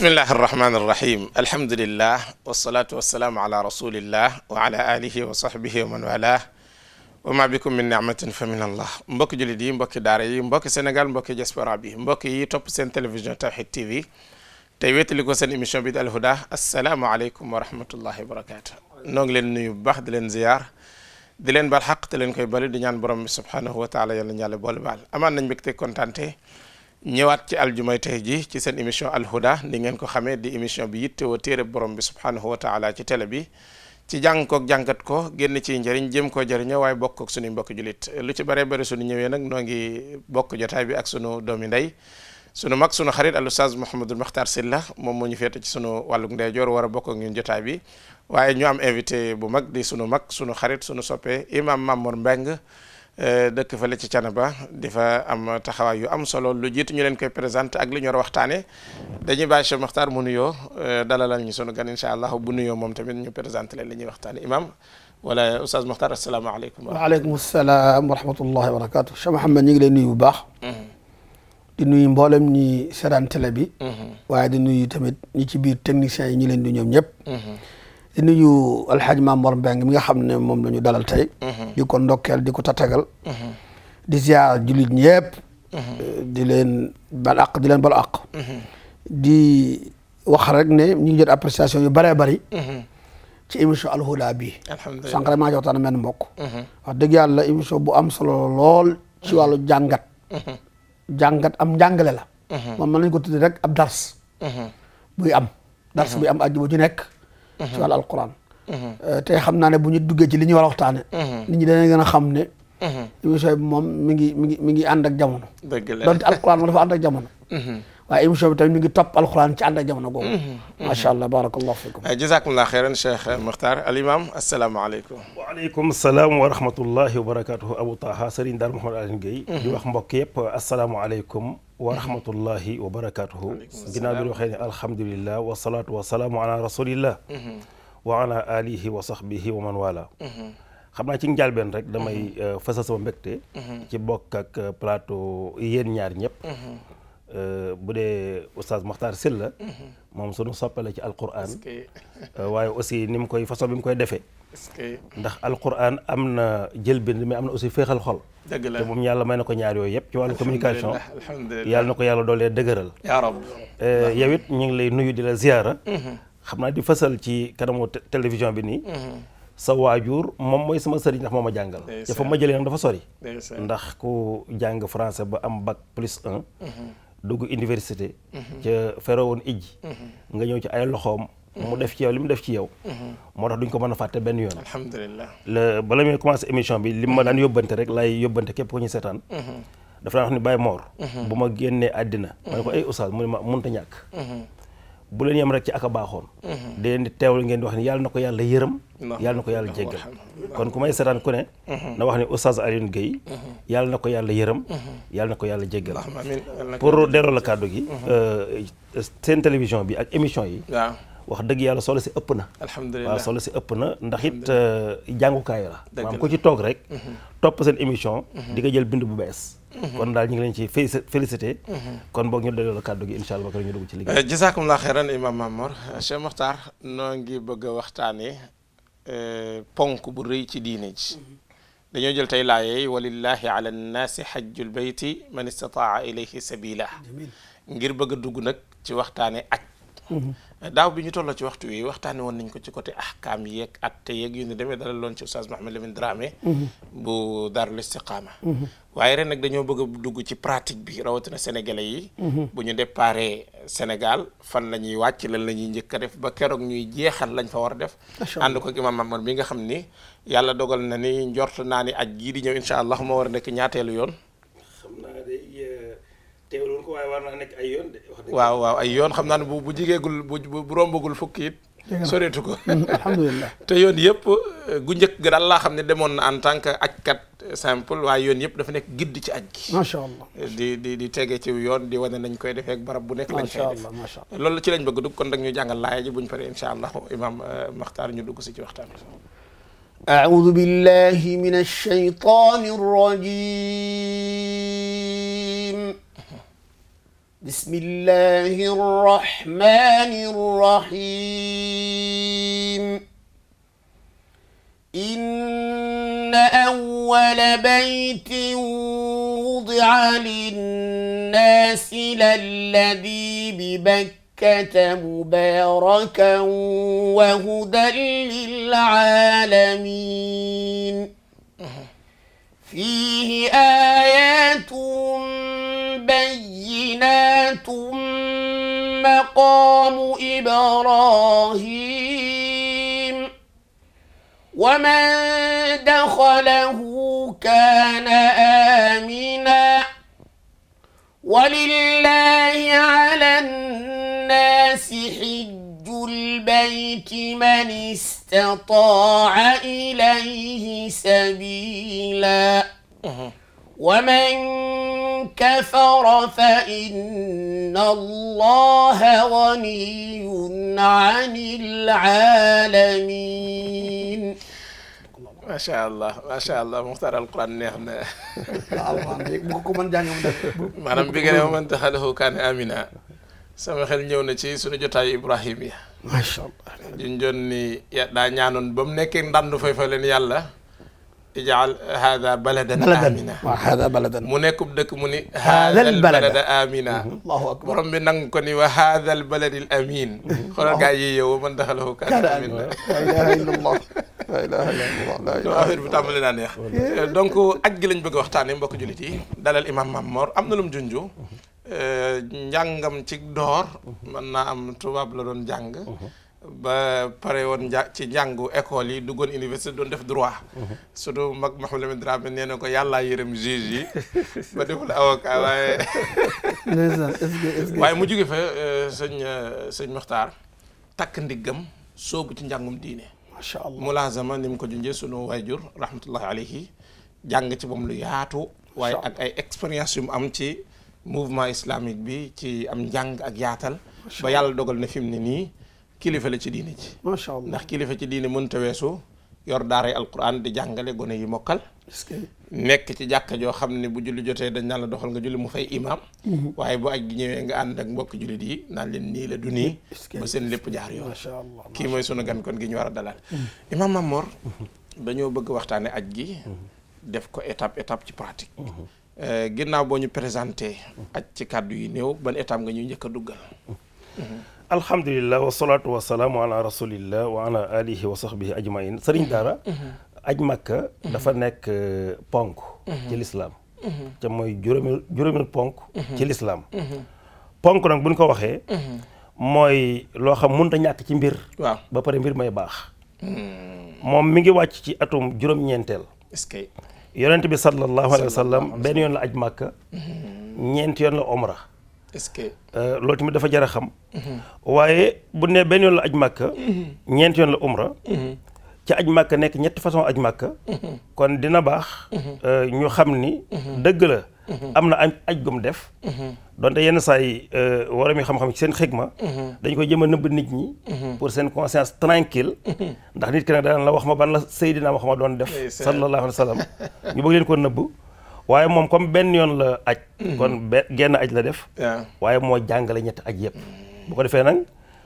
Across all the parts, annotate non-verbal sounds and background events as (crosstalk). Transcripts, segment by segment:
bismillahi arrahmani irrahim alhamdulillah wasalaatu wasalaamu ala rasulillah wa ala alihi wa sahbihi wa man wala wa ma bikum min ni'matin fa min allah mbokki jullit yi mbokki daara yi mbokki sénégal mbokki diaspora bi mbokki yi topp seen télévision Tawhid TV tey wéttali ko seen émission bi di alhuda asalaamualeykum wa rahmatullahi wa barakatu noo ngi leen nuyu bu baax di leen ziyaar di leen baal xaq te leen koy balu di ñaan borom bi subhaanahu wa taala yàlla ñu yàlla boole baal amaan nañ mbégte kontaante ñëwaat ci aljumay tey ji ci seen émission alhuda ni ngeen ko xamee di émission bi yitte woo téere borom bi subhaanahu wa taala ci télé bi ci jàng kook jàngat ko génn ci njëriñ jëm koo jëriño waaye bokkook ak suñu mbokk julit lu ci bare bare suñu ñëwee nag noo ngi bokk jotaay bi ak sunu doomi ndey sunu mag sunu xarit al ustaz Mouhamadul Makhtar Silla moom moo ñu féete ci sunu wàllug ndeyjoor war a bokk ak ñun jotaay bi waaye ñu am invité bu mag di sunu mag sunu xarit sunu soppe imam Mamour Mbeng Euh, dëkk fa la ci Canaba di fa am taxawaay yu am solo lu jiitu ñu leen koy présenté ak li ñu war a waxtaanee dañuy bàyyi Cheikh Makhtar mu nuyoo euh, dalalal ñu sunu gan incha allah bu nuyoo moom tamit ñu présenté leen li ñuy waxtaanee imam wala Oustaz Makhtar asalaamaaleykum. waaleykum salaam wa rahmatullahi wa barakaatu. Cheikh Mouhamed ñu ngi lay nuyu bu baax. Mhm. di nuyu mboolem ñi seetaan télé bi. Mhm. waaye di nuyu tamit ñi ci biir techniciens yi ñu leen di ñoom ñëpp. Mhm. di nuyu alxaaj Mamor Mbeng mi nga xam ne moom la ñu dalal tey. Mhm. di ko ndokkeel di ko tatagal. Mhm. di ziar jullit ñëpp. di mhm. leen bal di leen bal àq. di wax rek ne ñu ngi jot appréciation yu bëree bëri. ci émission alhuda bi alhamdulilah sànq maa jox taan menn mbokk wax dëgg yàlla émission bu am solo lool ci wàllu jàngat jàngat am njàngale la moom mën nañ ko tuddi rek ab dars buy am dars buy am ajju nekk ci wàllu alquran. Euh, te xam naa ne bu ñu duggee ci li ñu war a waxtaane nit de dañuy gën a xam ne. émission bi moom mi ngi mi ngi mi ngi ànd ak jamono. dëgg la donte alquran moom dafa ànd ak jamono. waaye émission bi tamit mi ngi topp alquran ci ànd ak jamono googu. macha allah barakallahu fikum. Euh, jazakumullah xeyran Cheikh Makhtar Alimam asalaamaaleykum. waaleykum salaam wa rahmatullahi wa barakaatuhu Abou Taha Serigne Dar Mouhamed Alioune Guèye. di wax mbokk yëpp asalaamaaleykum. wa rahmatullahi wa barakaatuhu ginnaaw bi ñu waxee ne alhamdulillah wa salaatu wa salaamu ala mhm. wa alihi wa sahbihi wa man wala mhm. xam naa ci njàlbeen rek damay mhm. euh, fësal sama mbégte ci bokk ak euh, plateau yéen ñaar ñëpp euh, bu dee oustaz Makhtar Sylla moom sunu soppale ci alquran waaye aussi ni mu koy façon bi mu koy defee ndax alquran am na jël bind mais am na aussi féexal xol dëgg la te moom yàlla may na ko ñaar yooyu yëpp ci wàllu communication yàlla na ko yàlla doolee dëgëral yaa eh, ñu ngi lay nuyu di la ziyaara mhm. xam naa di fasal ci kanamu télévision bi nii mhm. sa waajur moom mooy sama sëriñ ndax moo ma jàngal dafa ma jëlee nag dafa sori ndax ku jàng français ba am bac plus un mhm. dugg université ca fere woon ij nga ñëw ci ay loxoom mu def ci yow li mu def ci yow. Mhm. moo tax duñ ko mën a fàtte benn yoon. alhamdulilah le bala muy commencé émission bi li ma mhm. daan yóbbante rek laay yóbbante képp ko ñu seetaan. Mhm. dafa daan wax ni Baye Mor. bu ma génnee àddina. ma ne ko ay oustaz mu ne ma mënut a ñàkk. bu leen yem rek ci ak a baaxoon. di leen di ngeen di wax ni yàlla na ko yàlla yërëm. yàlla na ko yàlla jéggal kon pour delloo la kàddu gi. Euh, seen télévision bi ak émission yi. wax dëgg yàlla solo si ëpp na. alhamdulilah waaw solo si ëpp na ndax it euh, jàngukaay la. maam ku ci toog rek. Mhm. topp seen émission. Mhm. di ko jël bind bu bees. Mhm. kon daal ñu ngi ci félicité. kon boog ñu delloo la kàddu gi incha allah ba ñu ci liggéey. Euh, jazaakumullah xayran imam Mamor euh, Cheikh Mokhtar bëgg a waxtaanee bu rëy ci diine ji. dañoo jël tey laayey walillahi ala nnaasi xajjul bayti man istataa ilayhi sabila ngir bëgg dugg nag ci waxtaane aj daaw bi ñu tolloo ci waxtu wi waxtaanee woon nañ ko ci côté ahkaam yeeg atte yeeg yu ne demee dala loon ci oustaz Mouhamed Lamine Dramé mhm. bu daarul istiqaama mhm. waaye ren nag dañoo bëgg a dugg ci pratique bi rawatina sénégalais yi mhm. bu ñu déparé Sénégal fan la ñuy wàcc lan la ñuy njëkk a def ba keroog ñuy jeexal lañ fa war a def ànd ko ak imam Mamar bi nga xam ni yàlla dogal na ni njort naa ni aj gii di ñëw incha allah moo war a nekk ñaateelu yoon teewloon ko waaye war naa nekk ay yoon de. wax dëgg waaw waaw ay yoon xam naa ne bu bu jigeegul bu rombagul fukki it. soreetu mm, (laughs) yoon yëpp eh, gu njëkk ga daal laa xam ne demoon na en tant que ajkat eh, simple waaye yoon yëpp dafa nekk gidd ci aj gi macha eh, di di tege ci yoon di wane nañ koy defee ak barab bu nekk lañ fay def macha allah loolu ci lañ bëgg dugg kon nag ñu jàngal laaya ji buñ paree insha allah imam maxtaar ñu dugg si ci waxtaan a'uudu billahi بسم الله الرحمن الرحيم إن أول بيت وضع للناس للذي ببكة مباركا وهدى للعالمين فيه آيات بينات مقام إبراهيم ومن دخله كان آمنا ولله على الناس حج البيت من استطاع إليه سبيلا ومن كفر فإن الله غني عن العالمين macha allah macha allah muxtaar alquran neex na. waaw alquran léegi bu ko mën jàngee mu def. maanaam bi nga ne ma mënta xalahu kaane amina sama xel ñëw na ci suñu jotaayu Ibrahima. macha allah. juñ joon ni daa ñaanoon ba mu nekkee ndandu fay fa leen yàlla. ijaal haada baladan amina waaw haada baladan mu nekkub dëkk mu ni haada al balada amina mhm, allahu akbar borom bi nangu ko ni wa haada al baladi al amin mhm, xoolal gaa yi yow man daxalahu kaana amin la ilaha illallah la ilaha illallah non affaire bi tàmbali naa neex euh, donc aj gi lañ bëgg a waxtaane mbokk jullit yi dalal imam Mamor am na lu mu junju mhm. euh, njàngam ci door mën naa am tubaab la doon jàng ba pare woon nja ci njàngu école yi duggoon université doon def droit. surtout mag Mouhamadou Lamine Dramé nee na ko yàllaa yërëm juge yi (laughs) ba deful avocat waaye. (laughs) mu jóge fa euh, sëñ euh, sëñ Mokhtar takk ndiggam soobu ci njàngum diine. macha allah mulaazama ni mu ko junjee sunu waajur rahmatullahi alayhi jàng ci moom lu yaatu. waaye ak ay expérience yu mu am ci mouvement islamique bi ci am njàng ak yaatal. ba yàlla dogal na fi mu ne nii. kilifa la ci diine ji. macha allah ndax kilifa ci diine mënta weesu yor daaray alquran di jàngale gone yi mokkal. nekk ci jàkka joo xam ne bu julli jotee dañ naan la doxal nga julli mu fay imaam. Mhm. waaye boo aj gi ñëwee nga ànd ak mbokk jullit yi naan leen nii la du nii. ba seen lépp jaar yoon. macha allah kii mooy sunu gan kon gi ñu war a dalal. Mhm. imaam Mamor. Mhm. dañoo bëgg waxtaanee aj gi. def ko étape étape ci pratique. Euh, ginnaaw boo ñu présenté. aj ci kàddu yi néew ban étape nga ñuy njëkk a duggal. alhamdulillah wa wasalaatu wasalaamu ala rasulillah wa ala alihi wa sahbihi ajmain sëriñ daara mhm. aj makka mhm. dafa nekk euh, ponk mhm. ci lislaam te mooy juróomi juróomi ponk ci lislaam ponk nag buñ ko waxee mooy loo xam mënut a ñàkk ci mbir ba pare mbir may baax moom mi ngi wàcc ci atum juróom-ñeenteel est-ce que yonent bi sallallahu alayhi wa sallam benn yoon la aj makka ñeent yoon la omra est-ce que euh, loolu tamit dafa jar xam. Mhm. waaye bu ne benn yoon la aj màkka. Mhm. ñeent yoon la umra. Mhm. ci aj màkka nekk ñetti façon aj màkka. kon dina baax. Euh, ñu xam ni. dëgg la. am na am aj gum def. donte yenn saa yi euh, waram yi xam-xam ci seen ma dañ koy jëm a nëbb nit ñi. pour seen conscience tranquille ndax nit ki nag daan la wax ma ban la wax ma doon def. sallallahu alayhi wa sallam (laughs) ñu bëgg leen ko nëbb. waaye moom comme benn yoon la aj mm. kon be genn aj la def waaye moo jàngale ñett aj yëpp bu ko defee nag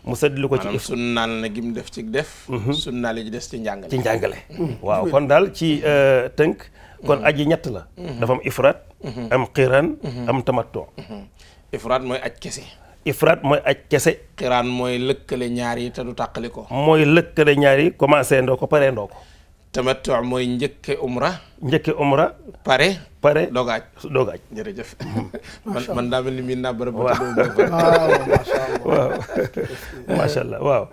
mu séddlu ko ci if sunnaal na gim def ci def mm-hmm. sunnaal yi des ci njàngale ci njàngale mm-hmm. waaw kon daal ci mm-hmm. euh, tënk kon aj yi ñett la dafa am ifraat am xiiraan am tamattu ifraat mooy aj kese ifraat mooy aj kese xiraan mooy lëkkale ñaari yi te du tàqali ko mooy lëkkale ñaari yi commencé ndoo ko paree ndoo ko tamattu mooy njëkke umra njëkke umra pare pare doog aj doog aj jërëjëf (laughs) (laughs) man man daa mel ni miin naa bërëb waaw waaw (laughs) ah, macha allah waaw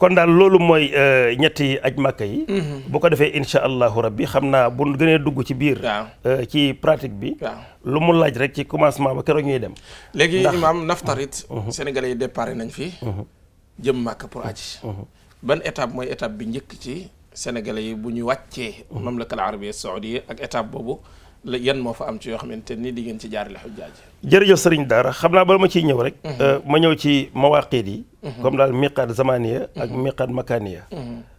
kon daal loolu mooy euh, ñetti aj màkka yi mm-hmm. bu ko defee insha allahu rabbi xam naa bu gënee dugg ci biir euh, ci pratique bi lu mu laaj rek ci commencement ba keroog ñuy dem léegi imaam naftarit mhm. sénégalais yi déparé nañ fi mhm. jëm màkk pour aji mhm. ban étape mooy étape bi njëkk ci sénégalais yi bu ñu wàccee mm-hmm. mamlaka al arabia saoudia ak étape boobu la moo fa am ci yoo xamante ni di ngeen ci jaarale xujjaaj jërëjëf sëriñ daara xam naa bala ma ciy ñëw rek mm-hmm. euh, ma ñëw ci mawaqit yi mm-hmm. comme daal miqaat ya ak miqaat makaniya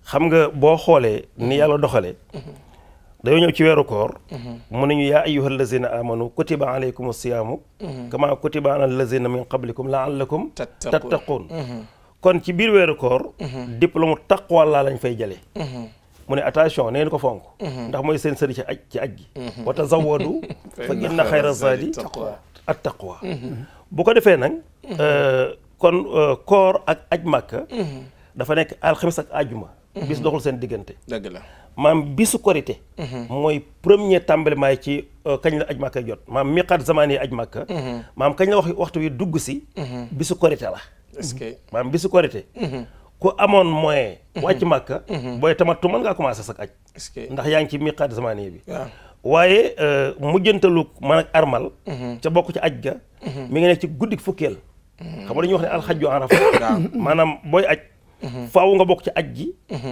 xam nga boo xoolee ni yàlla doxalee dañoo ñëw ci weeru koor mu ne ñu yaa ayyuha allazina amanu kutiba alaykum siyaamu kama kutiba ala allazina min qablikum laallakum tattaqun kon ci biir weeru koor. Mhm. diplôme taqwa laa lañ fay jëlee. Mhm. mu ne attention neen ko fonk. Mhm. ndax mooy seen sëriñ ci aj ci aj gi. wa tazawwadu (laughs) fa inna xayra zaadi at taqwa bu ko defee nag. Euh, kon euh, koor ak aj màkka. dafa nekk alxames ak àjjuma bis doxul seen diggante. dëgg la maam bisu korité. mooy tàmbali tàmbalimaay ci euh, kañ la aj màkka jot maam miqaat zamaan yi aj màkka. maam kañ la wax waxtu wi dugg si. bisu korité la. est-ce que maanaam bisu korité mhm. ku amoon moyen mhm. wàcc màkka mhm. booy tamattu mën ngaa commencé sak aj ndax yaa ngi ci miqaat zamaniya bi waaye euh, mujjantalu man ak armal ca bokk ci aj ga mi ngi nekk ci guddik fukkeel xam nga dañuy wax ne alxajju (coughs) maanaam booy aj faaw nga bokk ci aj gi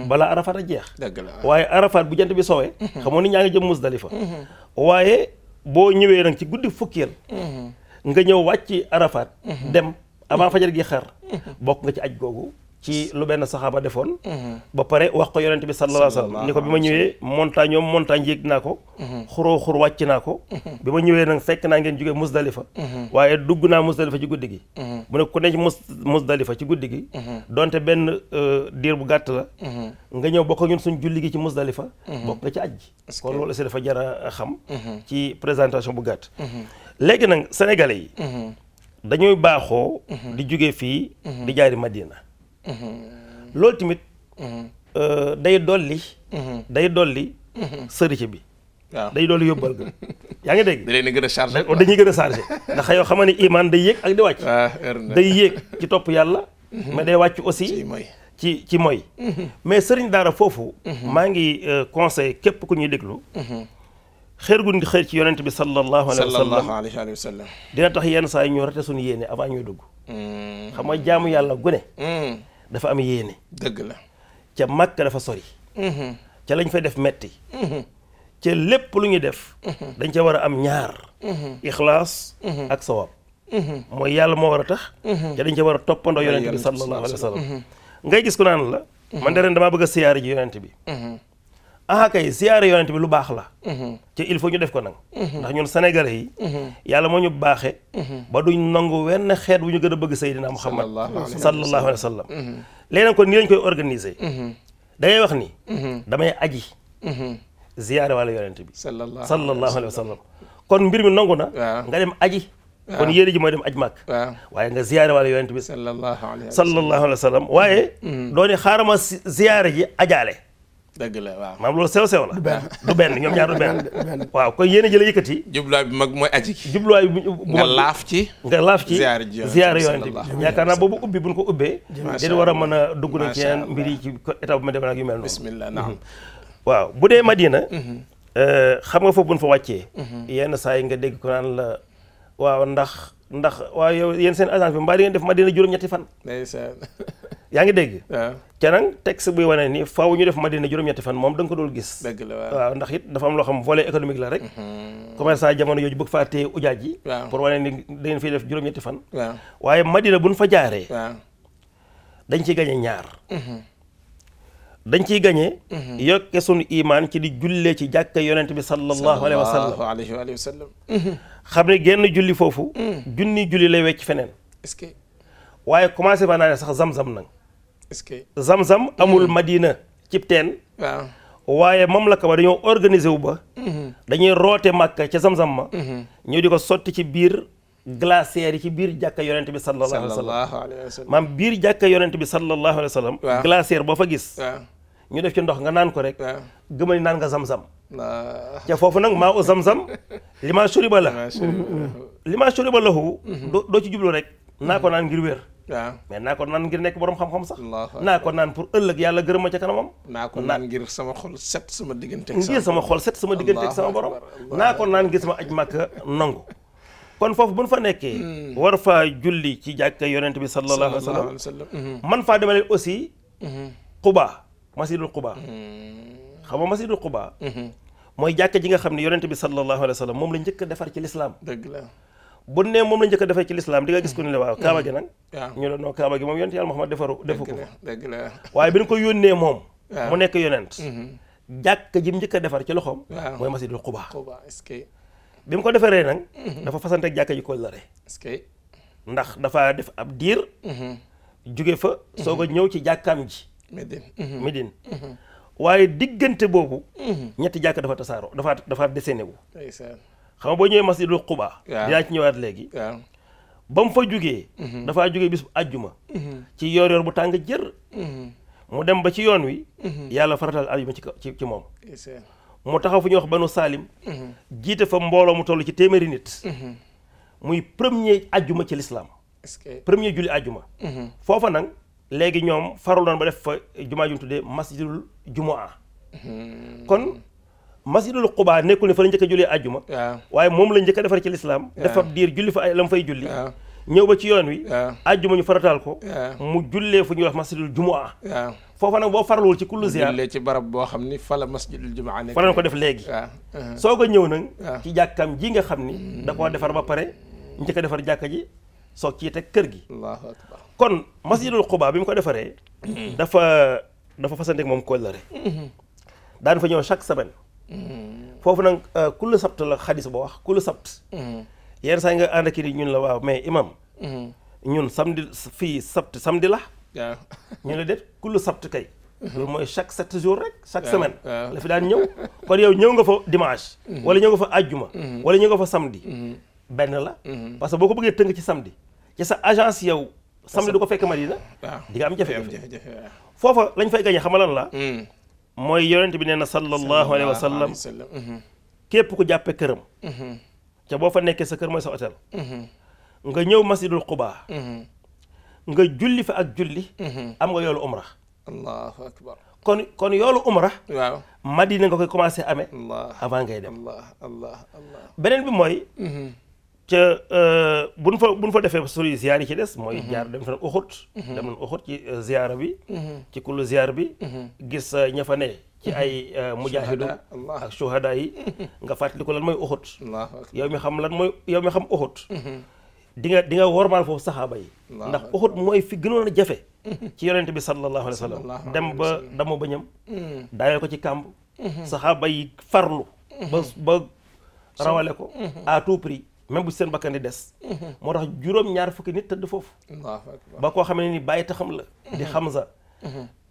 balaa arafat a jeex waaye arafat bu jant bi sowee xamoon ni ñaa ngi jëm musdalifa waaye boo ñëwee nag ci guddi fukkeel nga ñëw wàcc arafat dem avant fajar gi xar mm-hmm. bokk nga ci aj googu ci lu benn saxaaba defoon mm-hmm. ba pare wax ko yonent bi sallallahu alayhi wasallam ni ko bi ma ñëwee montagne ñoom montagne yéeg naa ko mm-hmm. xuroo xur wàcc naa ko bi ma ñëwee nag fekk naa ngeen jóge musdalifa waaye dugg naa musdalifa ci guddi gi mu ne ku ne ci mus musdalifa ci guddi gi donte benn euh, diir bu gàtt la nga ñëw bokk ñun suñ julli gi ci musdalifa bokk nga ci aj ji kon loolu aussi dafa jara xam ci présentation bu gàtt léegi nag sénégalais yi dañuy baaxoo. Mhm. di jóge fii. Mhm. di jaari Madina. Mhm. loolu tamit. Euh, day dolli. day dolli. sëriñ bi. waaw day dolli yóbbal ga yaa ngi dégg. (laughs) da leen gën a dañuy gën a chargé ndax yow xam ne iman day yéeg ak di wàcc. Ah, day yéeg ci topp yàlla. mais day wàcc aussi. ci ci mooy. mais sëriñ daara foofu. maa ngi euh, conseil képp ku ñuy déglu. xeer gu ñu xër ci yonent bi sallallahu alayhi wa sallam dina tax yenn saa yi ñu rate suñu yéene avant dugg hmm. xam nga jaamu yàlla gune hmm. dafa am yéene dëgg la ca Makka dafa sori hmm. ca lañ fay def metti ca lépp lu ñuy def dañ ca war a am ñaar ixlaas ak sawab mooy yàlla moo war a tax ca dañ ca war a toppandoo yonent bi sallallahu alayhi wa sallam ngay gis ku naan la man de ren damaa bëgg a siyaare ji yonent bi ah kay siyaare yonent bi lu baax la ci mhm. il faut ñu def ko nag mhm. ndax ñun sénégalais yi mhm. yàlla moo ñu baaxe ba duñ nangu wenn xeet wu ñu gën a bëgg Seydina Muhammad sallallahu alayhi wa sallam léegi nag kon nii lañ koy organiser da ngay wax ni damay aji ziyaare wàlla yonent bi sallallahu alayhi wa sallam kon mbir mi nangu na nga dem aji kon yéene ji mooy dem aj màkk waaye nga ziyaare wàlla yonent bi sallallahu alayhi wa sallam waaye dooni xaarama ziyaare ji ajaale dëgg la waaw maam loolu sew sew la du benn ñoom ñaar (laughs) du benn waaw kon yéen a jëlee yëkkati jubluwaay bi mag mooy aji jubluwaay bu nga laaf ci nga laaf ci ziar yonent bi yaakaar naa boobu ubbi buñ ko ubbee dina war a mën a dugg na ci yeneen mbir ci état bu ma demee ak yu mel noonu bismillah naam mhm. waaw bu dee Madina mhm. euh, xam nga foofu buñ fa wàccee mhm. yenn saa yi nga dégg ko naan la waaw ndax ndax waaye yow yéen seen agence bi mbaa di def ma dina juróom-ñetti fan yaa ngi dégg (laughs) te nag texte buy wane ni faaw ñu def Madina juróom-ñetti fan moom danga ko dool gis dëgg la waaw ndax it dafa am loo xam volet économique la rek mm-hmm. a jamono yooyu bëgg faa téye ujaaj yi pour wane ni da fi def juróom-ñetti fan waaye bu buñ fa jaaree dañ ci gañe ñaar mm-hmm. dañ ciy gañee mhm. yokke sunu imaan ci di jullee ci jàkka yonent bi sallallahu alayhi wa sallam mhm. xam ne genn julli foofu mhm. junni julli lay wecc feneen est que waaye commencé fa naa ne sax zam-zam nag que zam-zam amul madina cib teen waaw waaye moom la ba dañoo organiser wu ba dañuy roote màkka ca zam-zam ma ñu di sotti ci biir glacière yi ci biir jàkka yonent bi sallallahu alayhi wa sallam maam biir jàkka yonent bi sallallahu alayhi wa sallam glacière boo fa gis ñu def ci ndox nga naan ko rek gëmal ni naan nga zam-zam (laughs) ca foofu nag maa u zam-zam li maa shuriba la li maa shuriba lahu mhm. doo ci jublu rek naa ko mhm. naan ngir wér waaw mais naa ko naan ngir nekk borom xam-xam sax naa ko naan pour ëllëg yàlla gërëm ma ca kanamam naa ko naan ngir sama xol set sama diggante ngir sama xol set sama diggante ak sama borom naa ko naan ngir sama a màkk nangu kon foofu bu ñu fa nekkee. Hmm. war faa julli ci jàkka yonent bi sallallahu alayhi wa sallam. Hmm. man faa demale aussi. Hmm. Quba masjidul Quba. xam nga masjidul Quba. mooy jàkka ji nga xam ne yonent bi sallallahu alayhi wa sallam moom la njëkk defar ci lislaam dëgg la bu ne moom la njëkk a ci lislaam di nga gis ko ne la waaw Kaaba gi nag. ñu ne non Kaaba gi moom yonent yàlla Muhammad defaru defu ko. waaye bi ñu ko yónnee moom. mu nekk yonent. jàkka ji mu njëkk a defar ci loxoom. waaw mooy masjidul Quba. Quba est bi mu ko defaree nag. Mhm. dafa fasante ak jàkka ji kóllëre. est-ce que. ndax dafa def ab diir. Mhm. jóge fa. soog a mhm. ñëw ci jàkkaam ji. Médine Médine. waaye diggante boobu. ñetti jàkk dafa tasaaroo dafa dafa deseene wu. xam nga boo ñëwee masjidul Quba. waaw dinaa ci ñëwaat léegi. ba mu fa jógee. dafaa jóge bis bu àjjuma. ci yor-yor bu tàng jër. mu dem ba ci yoon wi. yàlla faratal àjjuma ci ci moom. mu taxaw fu ñuy wax banu saalim mhm. jiite fa mbooloo mu toll ci téeméeri nit mhm. muy premier ajuma ci lislaam premier julli ajjuma mhm. foofa nag léegi ñoom farul doon ba def fa jumaa ju ñu tuddee masjidul jumaa kon masjidul xubaa nekkul ne fa la njëkk a jullee ajjuma waaye moom la njëkk a defar ci lislaam dafa diir julli fa ay la mu fay julli ñëw ba ci yoon wi ajjuma ñu farataal ko mu jullee fu ñuy wax masjidul jumaa foofa nag boo farluwul ci kullu ziar jullee ci barab boo xam ni fa la masjidul jumaa fa la ko def léegi waaw ah, ah. soo ko ñëw nag ah. ci jàkkaam ji nga xam ni mm. da koo defar ba pare njëkk a defar jàkk ji soo kii teg kër gi allahu akbar kon masjidul xubaa bi mu ko defaree mm. dafa dafa fasante moom kóllëre mm-hmm. daan fa ñëw chaque semaine mm. foofu nag euh, kullu sabt la xadis boo wax kullu sabt yenn saa nga ànd ak ñun la waaw mais imam ñun samedi fii sabt samdi la waaw ñu ne déet kullu sabt kay. loolu mooy chaque sept jours rek chaque semaine la fi daan ñëw kon yow ñëw nga fa dimanche mm-hmm. wala ñëw nga fa ajjuma mm-hmm. wala ñëw nga fa samedi mm-hmm. benn la parce que boo ko bëggee tënk ci samedi ci sa agence yow samedi du ko fekk Madina di am jafe foofa lañ fay gañe xamalan la mm. mooy yonent bi nee na sallallahu alayhi wa sallam képp ku jàppe këram ca boo fa nekkee sa kër mooy sa hôtel nga ñëw masjidul Quba nga julli fa ak julli. Mhm. am nga yoolu umra. kon kon yoolu umra. waaw madina nga koy commencé amee. avant ngay dem. allah allah beneen bi mooy. Mhm. ca euh, buñ fa buñ fa defee suri ziyaar yi ci des. mooy mhm. jaar dem fa uxut. dem na uxut ci euh, ziyaara bi. ci kullu ziyaar bi. gis euh, ña fa ne. ci ay mujaahidu ak shuhada yi. (laughs) nga fàttali lan mooy uxut. yow mi xam lan mooy yow mi xam uxut. dinga dinga di nga wormaal foofu saxaaba yi ndax uxut mooy fi gënoon a jafe ci yonent bi sallallahu alayhi wa sallam dem ba damoo ba ñam mm. daayal ko ci kàmb mm-hmm. saxaaba yi farlu ba mm-hmm. ba rawale ko mm-hmm. à tout prix même bu seen bakkan di des moo tax juróom-ñaar fukki nit tëdd foofu ba koo xamee ni bàyyi taxam la di xamsa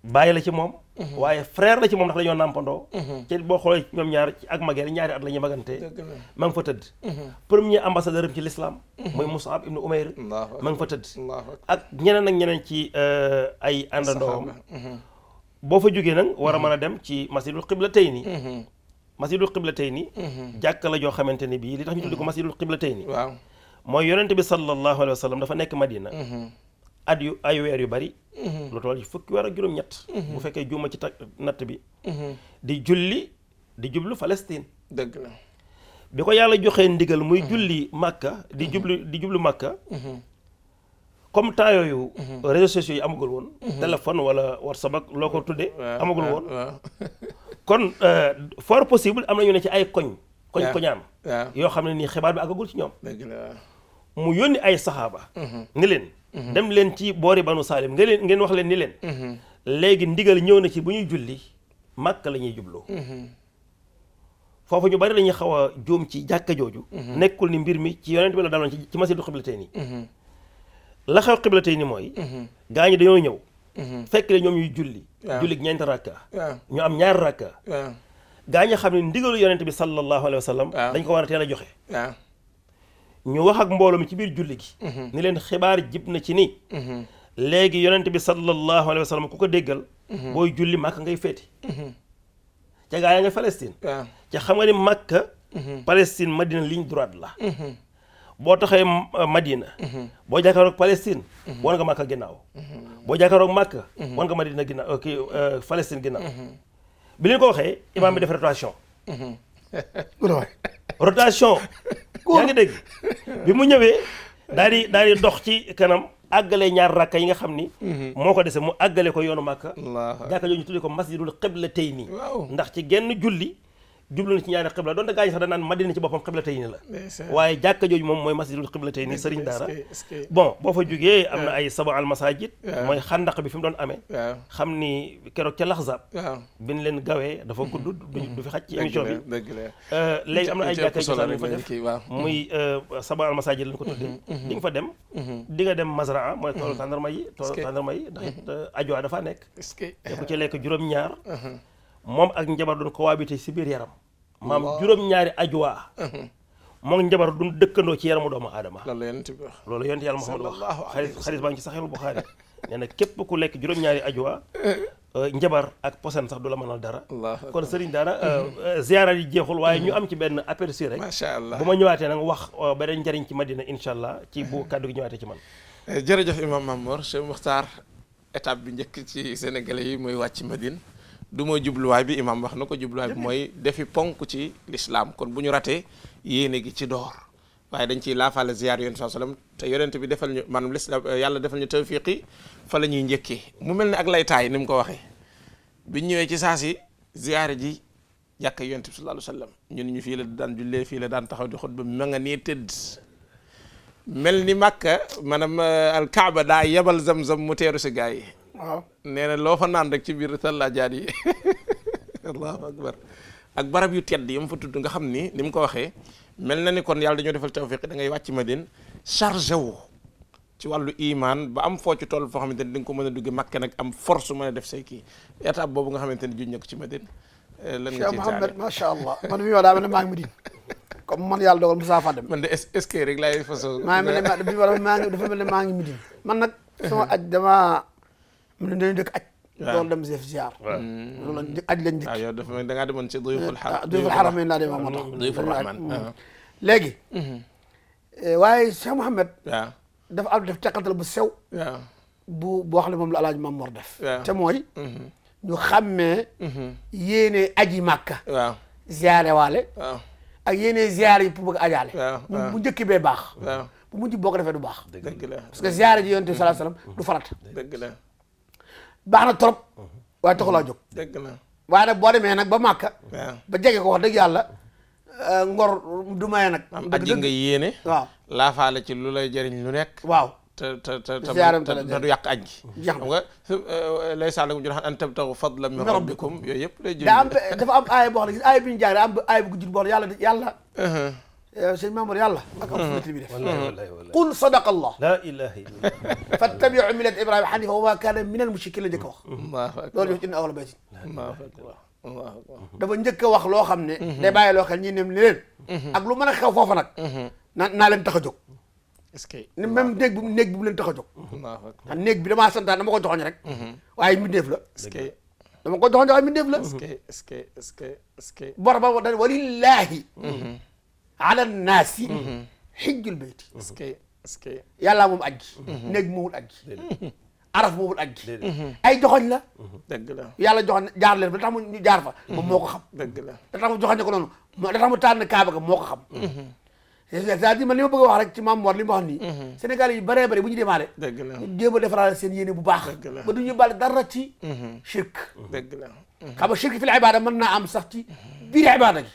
bàyyi la ci moom. Mhm. waaye frère la ci moom ndax dañoo nàmpandoo. Mhm. ci boo xoolee ñoom ñaar ci ak magee ñaari at la ñuy magantee. ma nga fa tëdd. Mhm. premier ambassadeur am ci l'islam muy Mus'ab ibn Umayr. ma nga fa tëdd. ak ñeneen ak ñeneen ci euh, ay àndandoom. boo fa jógee nag war a mën a dem ci masjidul qiblatayni. masjidul qiblatayni. jàkka la joo xamante ni bii li tax ñu tudd ko masjidul tey ni mooy yonente bi sallallahu alayhi wa sallam dafa nekk Madina. at yu ay weer yu bari mm-hmm. lu toll fukki weer a juróom-ñett mm-hmm. bu fekkee juuma ci ta natt bi mm-hmm. di julli di jublu Palestine dëgg la bi ko yàlla joxe ndigal muy julli màkka di jublu di jublu màkka comme temps yooyu réseaux sociaux yi amagul woon téléphone wala whatsapp ak loo ko tuddee amagul woon kon euh, fort possible am na ñu ne ci ay koñ koñ koñaan yoo xam ne nii xibaar bi àggagul ci ñoom mu yónni ay saxaaba ni leen Mhm. dem leen ci boori banu saalim nga leen ngeen wax leen ni leen mhm. léegi ndigal ñëw na ci bu ñuy julli makk la ñuy jubloo mhm. foofu ñu bari lañuy xaw a juum ci jàkka jooju nekkul ni mbir mi ci yonent bi la daloon ci masjidu xiblatayni la xew xiblatayni mooy gaa ñi dañoo ñëw fekk le ñoom ñuy julli julli ñeenti rakka ñu am ñaari rakka gaa ñi xam ne ndigalu yonent bi sallallahu alayhi wa sallam dañ ko war a teel a joxe ñu wax ak mbooloo mi ci biir julli gi mhm. ni leen xibaar jib na ci ni mhm. léegi yonent bi sallallahu alayhi wa sallam ku ko déggal mhm. boo julli màkk ngay féete ca gaa ya nga Palestine ci xam nga ni màkka Palestine Madina ligne droite la boo taxee euh, Madina boo jàkkaaroog Palestine wan nga màkka ginnaaw boo jàkkaaroog màkka wan nga Madina ginnaaw euh, kii euh, Palestine ginnaaw bi leen ko waxee imaam bi def rotation rotation (laughs) yaa ngi dégg bi mu ñëwee daal di daal di dox ci kanam àggale ñaar rakka yi nga xam ni mhm. moo ko desee mu àggale ko yoonu màkka jàkka jooju ñu tuddee ko la tey nii ndax ci genn julli jublu ci ñaari xibla donte gaa ñi sax danaan madina ci boppam xibla tey ni la waaye jàkka jooju moom mooy masjidul xibla tey ni sëriñ daara bon boo fa jógee am na ay saba al mooy xàndaq bi fi mu doon amee xam ni keroog ca laxzab bin leen gawee dafa gudd mm-hmm. du fi xaj ci mm-hmm. émission bi euh, léegi am na ay jàkka yu ñu fa def mm-hmm. muy euh, saba al masajid lañ ko tuddee di fa dem di nga dem masraa mooy toolu tàndarma yi toolu tàndarma yi ndax it euh, ajuwaa dafaa nekk ku ci lekk juróom-ñaar moom ak njabar doon ko waabite si biir yaram maam juróom-ñaari ajuwaa mhm. moom njabar duñ dëkkandoo ci yaramu doomu aadama loolu yonent bi wax loolu yonent yàlla Muhammad wax xalis baa ngi ci saxeelu Buxaari (laughs) nee na képp ku lekk juróom-ñaari ajuwaa mhm. euh, njabar ak posen sax du la mënal dara kon sëriñ daara euh, euh, ziyaara yi jeexul waaye ñu mhm. am ci benn aperçu rek macha allah bu ma ñëwaatee nag wax beneen njariñ ci Madina incha allah ci bu kàddu ki ñëwaatee ci man eh, jërëjëf imam Mamour Cheikh Muxtaar étape bi njëkk ci sénégalais yi mooy wàcc Madine du mooy jubluwaay bi imaam wax na ko jubluwaay bi mooy defi ponk ci lislaam kon bu ñu ratee yéene gi ci door waaye dañ ciy laafaale ziyaar yonent saa sallam te yonent bi defal ñu maanaam lislaam yàlla defal ñu tawfiqi fa la ñuy njëkkee mu mel ne ak laytaay ni mu ko waxee biñ ñëwee ci saa si ziyaar ji jàkk yonent bi sallallahu alayhi wa sallam ñun ñu fii la daan jullee fii la daan taxaw di xutba ma nga nii tëdd mel ni màkka maanaam euh, alkaaba daa yebal zam-zam mu teeru si gars yi waaw nee na loo naan rek ci biir sallaajaat yi (laughs) allahu akbar ak barab yu tedd yi mu fa tudd nga xam ni ni mu ko waxee mel na ni kon yàlla dañoo defal tawfiq da ngay wàcc Madina chargé wu ci wàllu iman ba am foo tool toll foo xamante ni di ko mën a dugg Makka nag am force mën def say kii étape boobu nga xamante ni juñ ko ci Madina eh, lan nga ci Mohamed macha allah man mii wax daa mel ne maa ngi Madina comme man yàlla dogal Moussa Fadem man de mel ne maa ngi dafa mel man nag sama aj dama mu ne dañu dëkk aj doon dem def ziar mm. loolu aj lañ dëkk ah, yow dafa da ngaa demoon ci duyuful xaram ah, laa dem moo tax mm. duyuful rahman mm. léegi mm-hmm. eh, waaye Cheikh Mouhamed waaw dafa am def teqantal bu sew bu boo xam moom la alaaji Mam Mor def te mooy mm-hmm. ñu xàmmee mm-hmm. yéene aji màkka waaw waale ak yéene ziare yi pour bëgg ajaale bu njëkk bee baax bu mujj boo ko defee du baax parce que ziare ji yonent bi sallallahu du farat baax na trop waaye taxu laa jóg. dëgg la waaye nag boo demee nag ba màkka ba jege ko wax dëgg yàlla euh, ngor du maye nag. am aji nga laa waaw la ci lu lay jëriñ lu nekk. waaw te te te te du yàq aji. jeex na xam nga euh, lay sàll mu joxe an tabtagu fadlan min rabbikum yooyu yëpp lay. jëriñ dafa am dafa am aaya boo xam ne gis bi ñu jaar am aaya bu ko jur boo xam ne yàlla yàlla. sëñ Mamour yàlla ak am sunat li muy def qul sadaqa allah la ilaha illa fattabiu millata ibrahima hanifa wa ma kaana min al mushrikin la njëkk a wax loolu yox ci ne awala baytin dafa njëkk a wax loo xam ne day bàyyi loo xel ñi nem ni leen ak lu mën a xew foofa nag naa naa leen tax a jóg est-ce que ni même néeg bi néeg bi mu leen tax a jóg ndax néeg bi damaa santaan ala naasi xijjul bayti est-ce que est-ce que yàllaa moom aj gi néeg moomul aj gi araf moomul aj gi ay joxoñ la dëgg la yàlla joxoñ jaar leen da tax mu ñu jaar fa moom moo ko xam dëgg la da tax mu joxoñ ko noonu da tax mu tànn kaaba ga moo ko xam c'est-à-dire man li ma bëgg a wax rek ci maam Mor li ma wax nii Sénégal yi bëree bëri bu ñu demaale dëgg la ñu jéem a defaraale seen yéene bu baax ba du ñu bàle dara ci shirk dëgg la xam nga shirk fi la ibaada mën naa am sax ci biir ibaada gi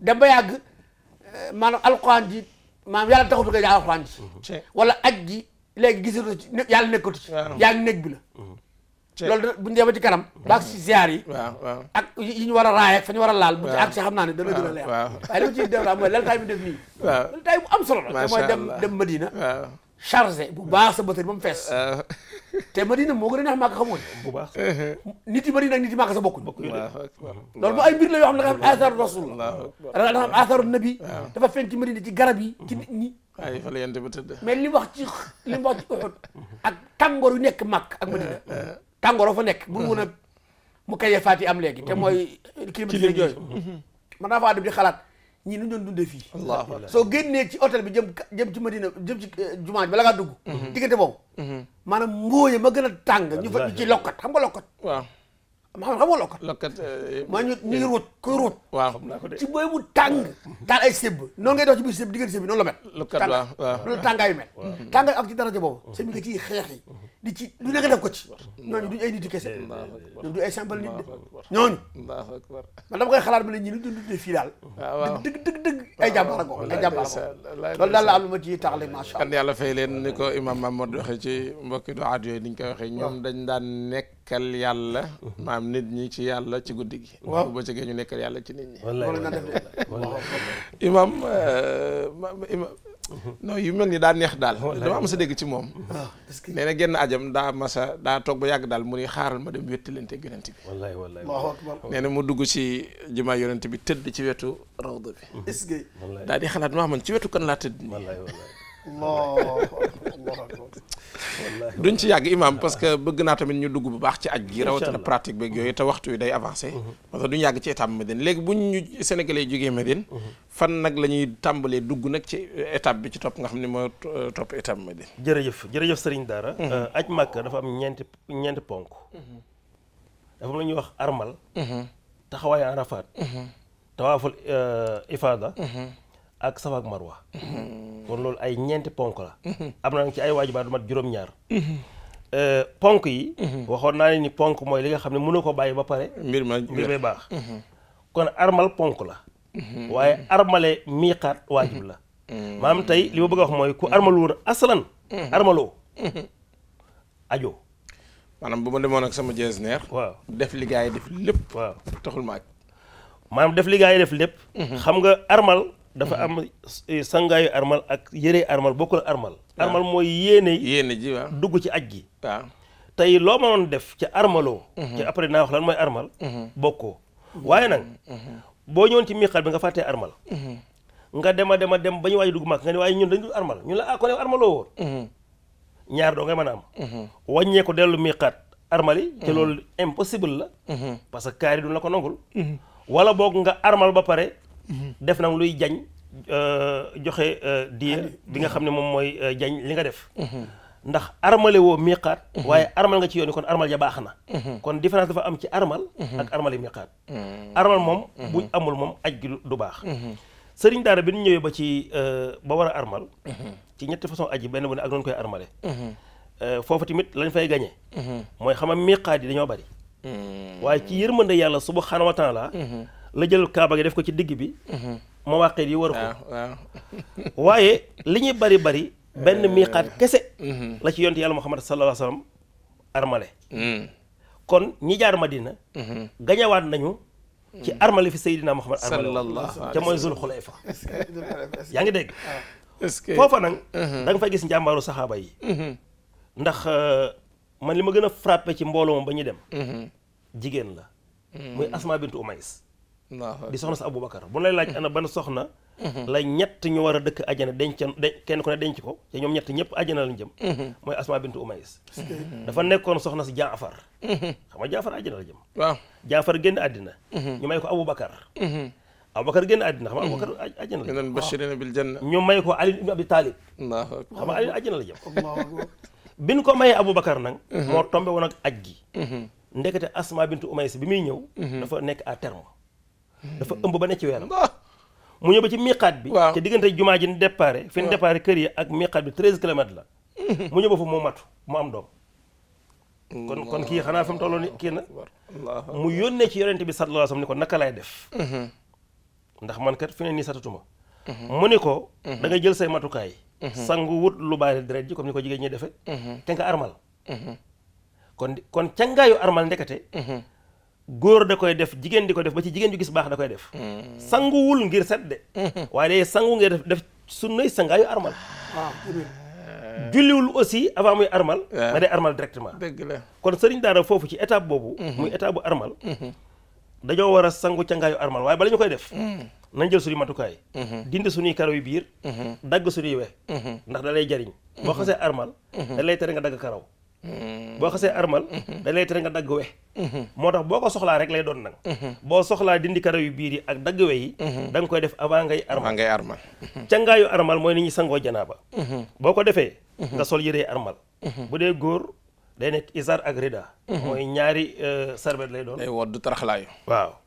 dem ba yàgg euh, maanaam alxuraan ji maanaam yàlla taxutu nga jaa alxuraan ji wala aj ji léegi gisatu ci yàlla nekkatu ci yaa ngi nekk bi la loolu buñu dee ba ci kanam baag si ziar yi ak yi ñu war a raay ak war a laal bu si xam naa ne dana gën a leer waaye li ma ciy def def nii bu am solo la mooy dem dem Madina chargé bu baax sa batari ba mu fees te Madina moo gën a neex Màkka xamoon bu baax nit yi Madina ak nit yi Màkka sa bokkuñ bokkuñ loolu bu ay mbir la yoo xam ne da nga da nga xam athaaru nabi dafa garab yi ci nit ñi ay fa a yente ba tëdd mais tàngoor yu nekk mak a Madina eh, eh. tàngoor fa nekk bu eh. mun a mu kayee faat am léegi te mooy mm-hmm. climatique yooyu mm-hmm. man daa faa dem di xalaat ñii nu doon dundee fii soo génnee ci hôtel bi jëm jëm ci madina jëm ci euh, jumaa ji bala ngaa dugg mhm. diggante boobu mhm. maanaam mbooye ma gën a tàng ñu fa ñu ci lokkat xam nga lokkat ma xam nga lokkat lokkat euh, maa ñu ñuy ruut kuy ruut waaw xam naa ko de ci booy bu tàng taal ay sëb noonu ngay dox ci biir sëb diggante sëb bi noonu la mel lokkat waaw waaw loolu tàngaay mel ak ci daraja boobu sëb bi nga ciy xeex di ci lu nekk def ko ci ñooñu duñu ay xalaat ma ne ñi ni dund fii daal ah, dëgg dëgg dëgg ay jàmbaar ak ay jàmbaar daal la am lu ma ci taxale macha allah yàlla fay leen ni ko imam Mamadou waxee ci mbokki doaat yooyu niñ koy waxee ñoom dañ daan nekk nekkal yàlla mhm. maam nit ñi ci yàlla ci guddi gi waaw ba bëccëgee ñu nekkal yàlla ci nit ñi imam euh, imam mhm. non yu mel ni daa neex daal dama am sa dégg ci moom ah, nee na genn ajam daa masa daa toog ba yàgg daal mu ni xaaral ma dem wettilante yonent bi wallaay wallaay nee mu dugg ci jumaa yonent bi tëdd ci wetu rawda bi daa di xalaat maa man ci wetu kan laa tëdd nii duñ ci yàgg imam parce que bëgg naa tamit ñu dugg bu baax ci aj gi rawatina pratique beeg yooyu te waxtu wi day avancé mhm. parce du duñ yàgg ci étape Médine léegi buñ ñu sénégalais yi jógee Médine mhm. fan nag la ñuy tàmbalee dugg nag ci euh, étape bi ci topp nga xam ne moo euh, topp étape Médine jërëjëf jërëjëf Serigne Dara mhm. euh, aj Màkka dafa am ñeenti ponk dafa am la ñuy wax armal taxawaay Arafat tawaaful ifaada ak safa ak wa mhm. kon loolu ay ñeenti ponk la mhm. am na ci ay waajibaat du mat juróom-ñaar mhm. euh, ponk yi waxoon naa ne ni ponk mooy li nga xam ne mënu ko bàyyi ba pare mbir ma mbir may kon armal ponk la waaye armale miiqaat waajib la maanaam tey li ma bëgg a wax mooy ku armalu woon asalan armaloo ajo maanaam bu ma demoon ak sama jees neer waaw def li gaa def lépp waaw taxul ma aj maanaam def li def lépp xam nga armal dafa mhm. am eh, sangaayu armal ak yëree armal bokkul armal ah. armal mooy yéene yéene ji waaw dugg ci aj gi waaw ah. tey loo mënoon def ci armaloo mhm. ci après naa wax lan mooy armal mhm. bokkoo waaye nag boo ñëwoon ci miixaat bi nga fàttee armal nga dem a dem a dem ba ñu waaj dugg màkk nga ne waaye ñun dañu dul armal ñun la ah ko ñaar doo ngay mën a am wàññee ko dellu miixaat armal yi te loolu impossible la parce que kaar yi duñ la ko nangul wala boog nga armal ba pare def nag luy jañ euh, joxe euh, diye bi nga xam ne moom mooy euh, jañ li nga def ndax armale woo miqaat waaye armal nga ci yoon yi kon armal ja baax na kon différence dafa am ci armal ak armal yi miqaat moom bu amul moom aj du baax sëriñ daara bi ñu ñëwee ba ci ba war a armal ci ñetti façon aji benn bu ne ak noonu foofu tamit lañ fay gañe mooy xam nga miqaat yi dañoo bari hmm. waaye ci yërmande yàlla subhanahu wa taala la jël kaaba gi def ko ci digg bi mhm. mawaqit yi war ko waaye li ñuy bari bari benn eh. miiqaat kese mhm. la ci yonte yàlla Muhammad sallallahu alayhi armale mm. kon ñi jaar ma Madina mhm. gañawaat nañu ci mm. armale fi Seydina Muhammad armale te mooy Zul Xulayfa (laughs) yaa ngi dégg ah. foofa nag danga fa gis njàmbaaru saxaaba yi ndax euh, man li ma gën a frappé ci mbooloo ba ñuy dem jigéen la muy Asma bintu Umays di soxna abu Aboubacar bu lay laaj ana ban soxna mhm. la ñett ñu war a dëkk ajana denc kenn ko ne denc ko te ñoom ñett ñëpp ajana lañ jëm mhm. mooy Asma bintu Umays mhm. dafa nekkoon soxna si Jaafar xam nga Jaafar ajana la jëm waaw Jaafar génn àddina ñu may ko abu Aboubacar génn àddina xam nga Aboubacar ajana la jëm bashirina bil janna ñu ko Ali ibn Abi Talib xam nga Ali ajana la jëm bin ko mayee Aboubacar nag moo tombe woon ak aj gi ndekete Asma bintu Umays bi muy ñëw dafa nekk a terme dafa ëmb ba ne ci weeram mu ñëw ba ci miqaat bi te diggante jumaa ji départ fi ñu départ kër yi ak miqaat bi treize kilomètres la (laughs) mu ñëw ba foofu mu matu mu am doom kon kon kii xanaa fi mu tolloon kii na mu yónnee ci yonente bi sallallahu alayhi wasallam ni ko naka laay def mhm. ndax man kat fi ne nii satatuma mhm. mu ni ko mhm. da nga jël say matukaay sangu wut lu baale deret ji comme ni ko jigéen ñi defe te nga armal kon kon cangaayu armal ndekete góor da koy def jigéen di ko def ba ci jigéen ju gis baax da koy def hmm. sanguwul ngir set de hmm. waaye day sangu ngir def def sunnay sangaayu armal waaw eh. julliwul aussi avant muy armal nga eh. day armal directement dëgg la kon sëriñ daara foofu ci étape boobu hmm. muy étape bu armal dañoo war a sangu cangaayu armal waaye bala ñu koy def nañ jël suñu matukaay dindi suñuy karaw yu biir dagg suñuy we ndax da jariñ boo xasee armal da tere nga dagg karaw Hmm. boo xasee armal hmm. dañ lay tere nga dagg we hmm. moo tax boo ko soxlaa rek lay doon nag boo soxlaa dindi karaw yu biir yi ak dagg we yi da koy def avant ngay armal ngay armal cangaayu armal mooy ni ñuy sangoo janaaba boo ko defee nga sol yëree armal bu dee góor day nekk izar ak rida mooy ñaari euh, sarbet lay doon day woddu taraxlaayu waaw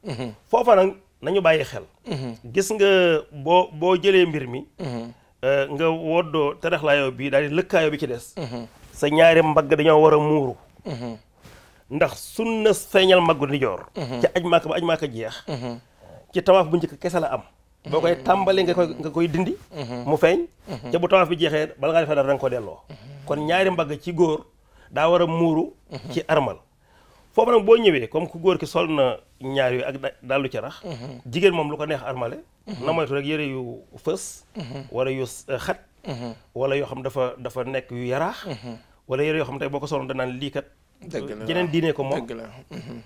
foofa nag nañu bàyyi xel gis nga boo boo jëlee mbir mi euh, nga woddoo taraxlaayoo bi daal di lëkkaayoo bi ci des sa ñaari mbagg dañoo war a muuru mhm. ndax sunna feeñal mbaggu ndijoor mhm. ca aj maaka ba aj maaka jeex mhm. ci tawaaf bu njëkk kese la am boo koy tàmbali nga koy nga koy dindi mu feeñ ca bu tawaaf bi jeexee bala ngaa defee dara nga ko delloo mbagg ci góor daa war a muuru ci armal foofu nag boo ñëwee comme ku góor ki sol na ñaar ak dallu ci rax jigéen moom lu ko neex armale na moytu rek yëre yu fës wala yu xat wala yoo xam dafa dafa nekk yu yaraax wala yére yoo xam tey boo ko soloon danaan lii kat. dëgg la jeneen diine ko moom dëgg la. Mhm.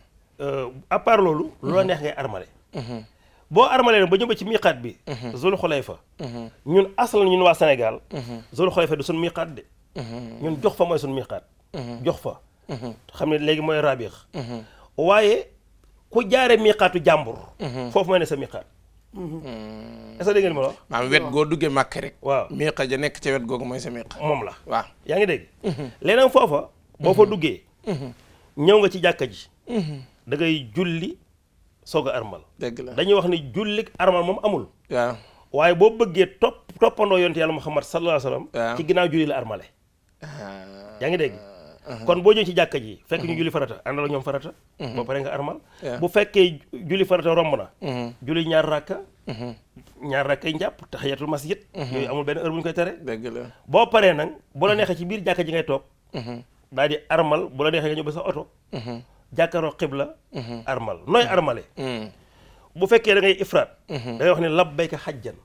Euh, à part loolu. lu la mhm. neex ngay armale. Mhm. boo armalee ba ñëw ba ci miqaat bi. zul fa ñun aslan ñun waa Sénégal. zul xulayfa du sun miqaat de. ñun jox fa mooy sun miqaat. jox fa. xam ne léegi mooy raabix. waaye ku jaare miqaatu jàmbur. foofu mooy ne sa miqaat. Mm-hmm. est-ce que dégg la maam wet goo duggee màkk rek waaw miiqa ja nekk ca wet googu mooy sa miiqa moom la waa yaa ngi dégg mm-hmm. leneen foofa boo fa mm-hmm. duggee ñëw nga ci jàkka ji dangay ngay julli soog a armal dëgg la dañuy wax ne jullik armal moom amul waaw waaye boo bëggee topp toppandoo yonte yàlla muhammad sallallahu alayhi wa ci ginnaaw julli la armale ah. yaa ngi dégg Uh-huh. kon boo ñëwee ci jàkka ji fekk ñu uh-huh. julli farata àndal ak ñoom farata uh-huh. boo pare nga armal bu fekkee julli farata romb na julli ñaar rakka ñaar rakk ay njàpp taxiyatul masjid yooyu amul benn heure bu ñu boo paree nag bu la neexee ci biir jàkka ji ngay toog daal di armal bu la neexee nga ñëw ba sa oto jàkkaaroo xibla armal nooy armale bu fekkee da ngay ifraat da ngay wax ne labbayka xajjan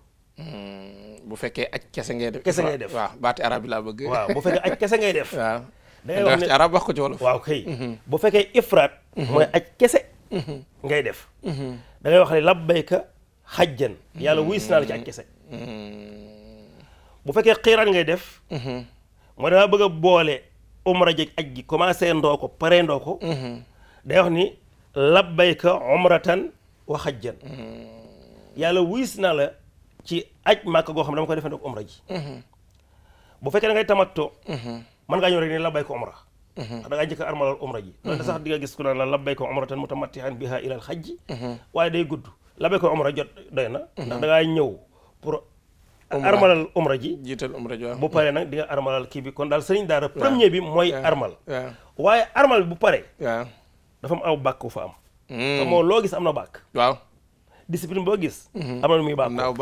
bu fekkee aj kese ngay def kese ngay def waaw baati arab bi laa bëgg waaw bu fekkee aj kese ngay def (laughs) waaw da ngay wax ci arab wax ko ci wolof waaw kay mhm. bu fekkee ifraat mhm. mooy aj kese mhm. ngay def da wax ne labbayka xajjan yàlla wuyis naa ci aj bu fekkee xiiraan ngay def moo bëgg a boole umra jëg aj gi commencé ndoo ko pare ko day wax ni labbayka umratan wa xajjan yàlla wuyis na la ci aj màkk goo xam ne dama koy defee ndoo umra ji bu fekkee da ngay man ngaa ñëw rek ne la bay ko omra mhm. ndax da ngaa armalal omra ji loolu sax mhm. di nga gis ku naan la la bay ko omratan mutamattihan biha ilal xajji mhm. waaye day gudd la ko omra jot doy na ndax da ngaa ñëw pour armalal omra ji jiital omra ji bu pare nag di nga armalal kii bi kon daal sëriñ daara premier bi mooy armal waaye armal bu pare dafa am aw bàkk bu fa am mm. te moo loo gis am na bàkk waaw discipline boo gis am na muy bàkk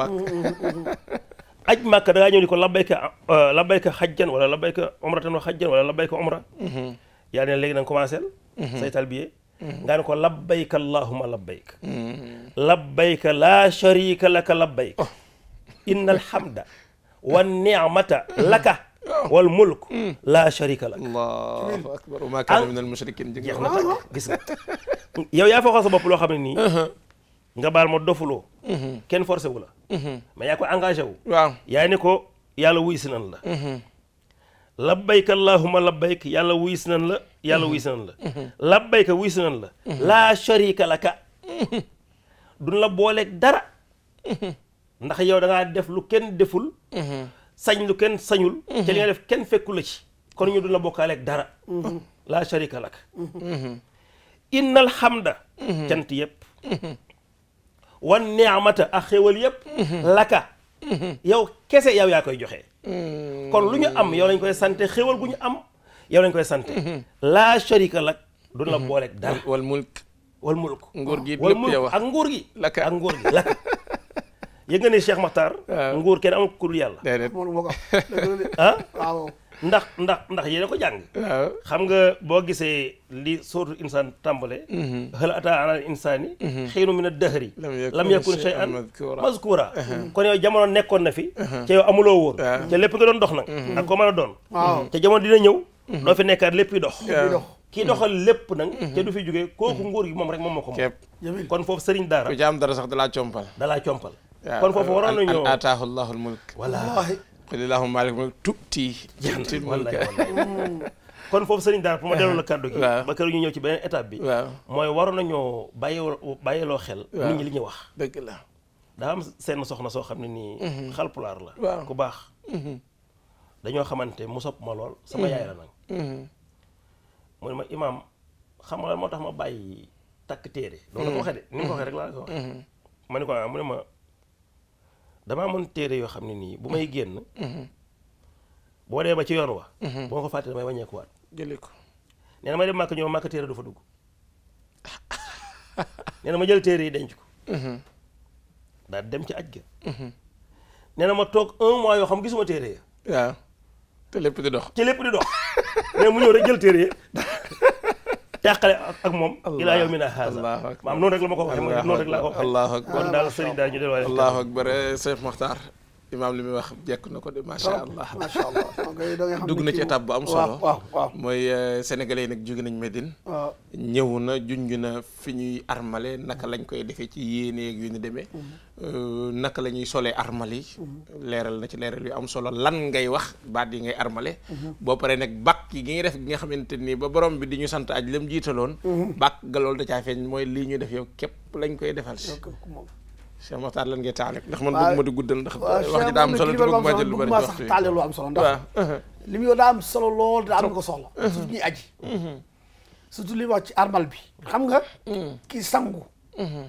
aj màkka da ngaa ñëw ni ko labbayka euh, labbayka xajjan wala labbayka omratan wa xajjan wala labbayka omra mhm. yàlla ne léegi na nga commencé mhm. say talbiye mhm. nga ne ko labbayka allahuma labbayka labbayka laa sharika laka labbayka oh. inna alhamda (laughs) wa ni'mata laka oh. wal mulk mm. laa sharika lak allahu akbar wa ma kana min al mushrikin jeex na tàkk gis nga yow yaa fa xoo sa bopp loo xam ne nii uh-huh. nga baal ma dofuloo mm-hmm. kenn forcé wu la Mm-hmm. mais yaa ko engagé wu. waaw yaa ni ko yàlla wuy si nan la. Mm-hmm. labbayka allahumma labbayk yàlla wuy si nan la yàlla wuy si nan la. Mm-hmm. labbayka wuy si nan la. laa sharika laka. duñ la booleek dara. ndax yow dangaa def lu kenn deful. sañ lu kenn sañul. te li nga def kenn fekku la ci. kon ñu duñ la bokkaaleeg dara. laa sharika laka. innal hamda. cant yëpp. wan neexmata ak xéwal yëpp. Mhm. laka. Mhm. yow kese yow yaa koy joxe. Mm. kon lu ñu am yow lañ koy sante xéwal gu ñu am yow lañ koy sante mhm. laa sharika lak duñ la booleeg dara. wal mulk wal mulk. nguur gi lépp yow ak nguur gi. laka ak nguur gi laka. (laughs) yëg nga ne Cheikh nguur kenn am ku dul yàlla. (laughs) ndax ndax ndax yéen ko jàng. xam nga boo gisee li sóotu insaan tàmbale. Mhm. hal ataa alal insaani. Mhm. xiinu mina dahri. lam yakun shay'an mazkuura mhm. kon yow jamono nekkoon na fi. amuloo woon. ca lépp nga doon dox nag. ak ko mën a doon. waaw ca jamono dina ñëw. doo fi nekkaat lépp yi dox. kii doxal lépp nag. te du fi jógee kooku nguur gi moom rek moom moo ko moom. kon foofu sëriñ daara. ku jaam dara sax dalaa compal. dalaa compal. kon foofu waroon nañoo ataahu llaahu l-mulk. wallaahi qul allahumma maalika mulk tu'ti jantil mulka (laughs) kon foofu sëriñ daal pour ma delloo la kàddu gi ba kër ñu ñëw ci beneen étape bi waaw mooy waroon nañoo bàyyi bàyyiloo xel nit ñi li ñuy wax dëgg la daa am seen soxna soo xam ne nii mm-hmm. xalpulaar la waaw ku baax mm-hmm. dañoo xamante mu sopp ma lool sama mm-hmm. yaay la nag mu ne ma imaam xam moo tax ma bàyyi takk téere loolu la ko waxee ni ko waxee rek laa ko waxee ma ne ko ah, mu ne ma damaa amoon téere yoo xam ne nii bu may génn. Mhm. boo dee ba ci yoon wa. Mhm. boo ko fàtte damay wàññeekuwaat. jëlee ko nee na ma dem màkk ñëw màkk téere du fa dugg (laughs) nee ma jël téere yi denc ko. Mhm. daal dem ci aj ga. nee na ma toog un mois yoo xam gisuma téere ya waaw te lépp di dox. ci lépp di dox (laughs) nee mu ñëw rek jël téere ya (laughs) tàqale ak moom ilaa yow mi na haasa maam noonu rek la ma ko waxee noonu rek laa ko waxee kon daal sëriñ daal ñu delluwaale allahu akbar eh, Cheikh Makhtar imaam li muy wax jekk na ko de macha allah macha allah dugg na ci étape bu am solo waaw waaw mooy euh, sénégalais yi nag jóge nañ Medine waaw ñëw na junj na fi ñuy armale naka lañ koy defee ci yéene yu ñu demee uhm. euh, naka la ñuy solee armal uhm. leeral na ci leeral yu am solo lan ngay wax baat yi ngay armale uhm. boo paree nag bàkk yi ngay def gi nga xamante nii ba borom bi di ñu sant aj lem jiitaloon bàkk ga loolu da caa feeñ mooy lii ñu def yow képp lañ koy defal si Cheikh Makhtar ndax man bëgguma di guddal ndax wax ji li uh-huh. muy daa am solo lool ko soxla uh-huh. surtout aji surtout li wax ci armal bi xam nga mm. ki sangu mm-hmm.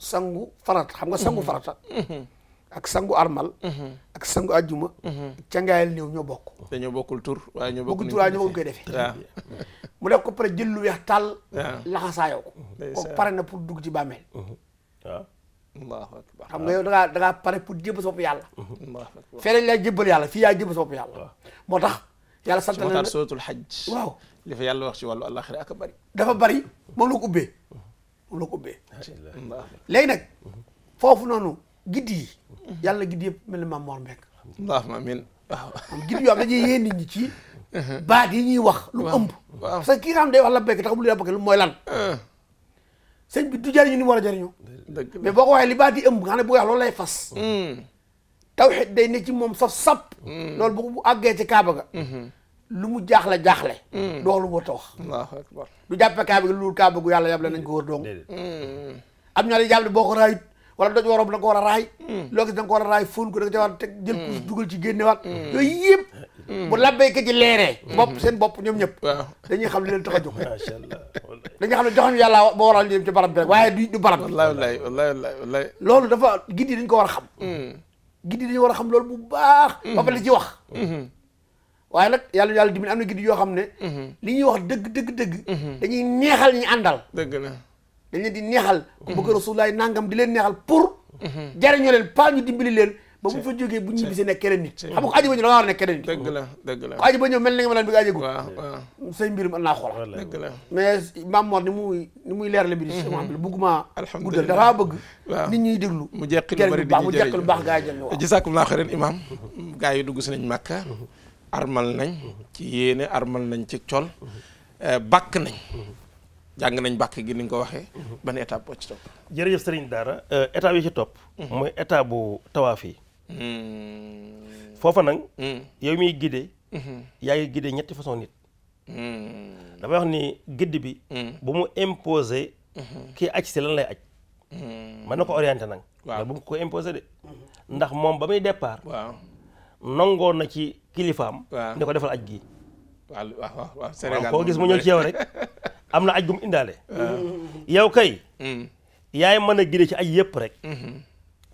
sangu farat xam nga sangu mm-hmm. farata mm-hmm. ak sangu armal ak sangu ajjuma cangaayal néew ñoo bokk dañoo bokkul tur waaye ñoo bokkul tur bokk koy (laughs) mu def ko pare jël lu weex tàll laxasaayoo ko kooku pare na pour dugg ci bàmmeel allahu akbar xam nga yow da ngaa da ngaa pare pour jébbal sa bopp yàlla fee lañ lay jébbal yàlla fii yaa jébbal sa moo tax yàlla sant na la suratul hajj waaw li fa yàlla wax ci wàllu àllaxira ak dafa bari moom la ko ubbee moom la ko ubbee léegi foofu noonu giddi yi yàlla giddi yëpp mel ni maam Mor Mbeng allahumma amin giddi yoo xam dañuy yee nit ñi ci uh-huh. baat yi ñuy wax lu ëmb parce ki nga xam day wax la bekk tax mu lu la bëgg lu mooy lan uh-huh. sëñ bi du jariñu ni mu war a jariñu mais boo ko waxee li baa di ëmb nga xam ne loolu lay fas hmm. tawxid day ne ci moom saf sap hmm. loolu bu bu àggee ci kaaba ga hmm. lu mu jaaxle jaaxle doolu boo tax allahu akbar du jàppe kaaba gi loolu kaaba gu yàlla yàble nañ ko wër dong am ñoo lay jàpp boo ko raayut wala doj waroom da war a raay loo gis da nga ko war a raay fóon ko da nga ca war a teg jël ko dugal ci génnewaat yooyu Mm. bu labbayka ji leeree mm-hmm. bopp seen bopp ñoom ñëpp waaw dañuy xam li leen tax a jóg macha allah dañuy xam ne joxam yàlla ba waral ñu dem ci barab bi rek waaye du du barab wallaay wallaay wallaay loolu dafa gidi yi dañ ko war a xam mm. gidi dañu war a xam loolu bu baax mm. ba pare li ci wax mm-hmm. waaye nag yàlla yàlla dimbali am na gidi yoo xam ne mm-hmm. li ñuy wax dëgg dëgg dëgg dañuy neexal ñi àndal dëgg na dañ leen di neexal ku bëgg rasulullaay nangam di leen neexal pour jariñoo leen pas ñu dimbali leen ba mu fa jógee bu ñu gisee nekk keneen nit xam nga ko aji ba ñëw da nga war a nekk keneen nit dëgg la dëgg ko aji ba ñëw mel na nga ma laan bi nga ajegu waaw waaw la mais Mame Mor ni muy leerale bi si mhm. Mame Mor bugguma bëgg waaw ñuy déglu mu jekki lu bari di ñu lu baax gaa yi jël waaw jazaakumullahu xayran imam yi dugg si nañ Màkka armal nañ ci yéene armal nañ ci col eh, bàkk nañ jàng nañ bàkk gi ni ko waxee ban étape boo ci topp jërëjëf Dara eh, étape yi ci topp mhm. mooy étape bu tawaaf yi Hmm. foofa nag. Hmm. yow miy gide. Hmm. yaa ngi gide ñetti façon nit. dafay wax ni giddi bi. bu mu imposer. kii aj si lan lay aj. mën na ko orienté nag. waaw bu mu ko imposer de. ndax moom ba muy départ. waaw nangoo na ci kilifaam. waaw ne ko defal aj gi. waaw waaw waaw Sénégal koo gis mu ñëw ci yow rek (laughs) am na aj gum indaale. yow kay. yaay mën a gide ci aj yëpp rek.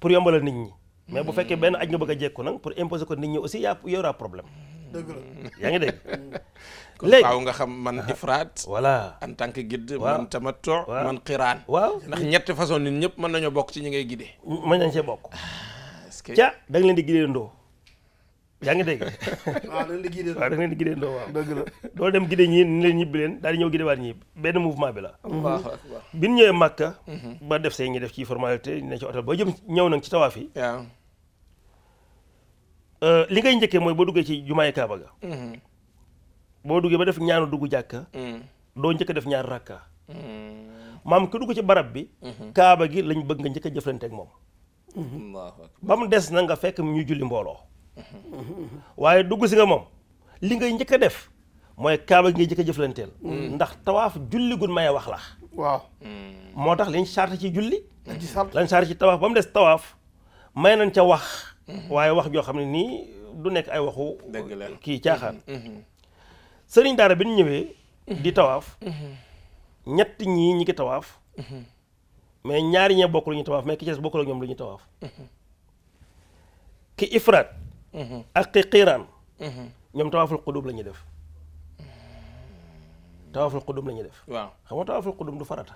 pour yombalal nit ñi. mais bu fekkee benn aj nga bëgg a jekku nag pour imposer ko nit ñi aussi yaa y aura problème. dëgg la yaa ngi dégg. léegi waaw nga xam man ifraat. voilà en tant que guide. man tamattu man qiraan. waaw ndax ñetti façon nit ñëpp mën nañoo bokk ci ñi ngay guidé. mën nañ cee bokk. Ah, est-ce que ca da leen di guidé ndoo. yaa ngi dégg. (laughs) waaw da nga leen di guidé ndoo waaw dëgg la doo dem guidé ñii ni leen ñibbi leen daal di ñëw guidé waat ñii benn mouvement bi la. waaw bi ñu ñëwee Màkka. Mhm. ba def see ñi def ci formalité ne ci hôtel ba jëm ñëw nag ci tawaaf yi. Euh, li ngay njëkkee mooy boo duggee ci jumaay Kaaba ga. Mm-hmm. boo duggee ba def ñaanu dugg jàkka. Mm-hmm. doo njëkk def ñaar rakka. Mm-hmm. maam ku dugg ci barab bi. Kaaba gi lañ bëgg nga njëkk a jëflante moom. ba mu des na nga fekk ñu julli mbooloo. waaye dugg si nga moom li ngay njëkk a def mooy Kaaba gi ngay njëkk a jëflanteel. ndax tawaaf julli gun maye wax la. waaw moo tax liñ charte ci julli. lañ charte ci tawaaf ba mu des tawaaf may nañ ca wax. Mm-hmm. waaye wax joo xam ne nii du nekk ay waxu kii caaxaan mm-hmm. Mm-hmm. sëriñ daara bi ñu ñëwee di tawaaf ñett ñii ñi ngi tawaaf mais ñaari ñee bokk lu ñu tawaaf mais ki ci bokkul ak ñoom lu ñu tawaaf ki ifraat ak ki xiiraan ñoom tawaaful xudum la def tawaaful xudum la def waaw tawaaful xudum du farata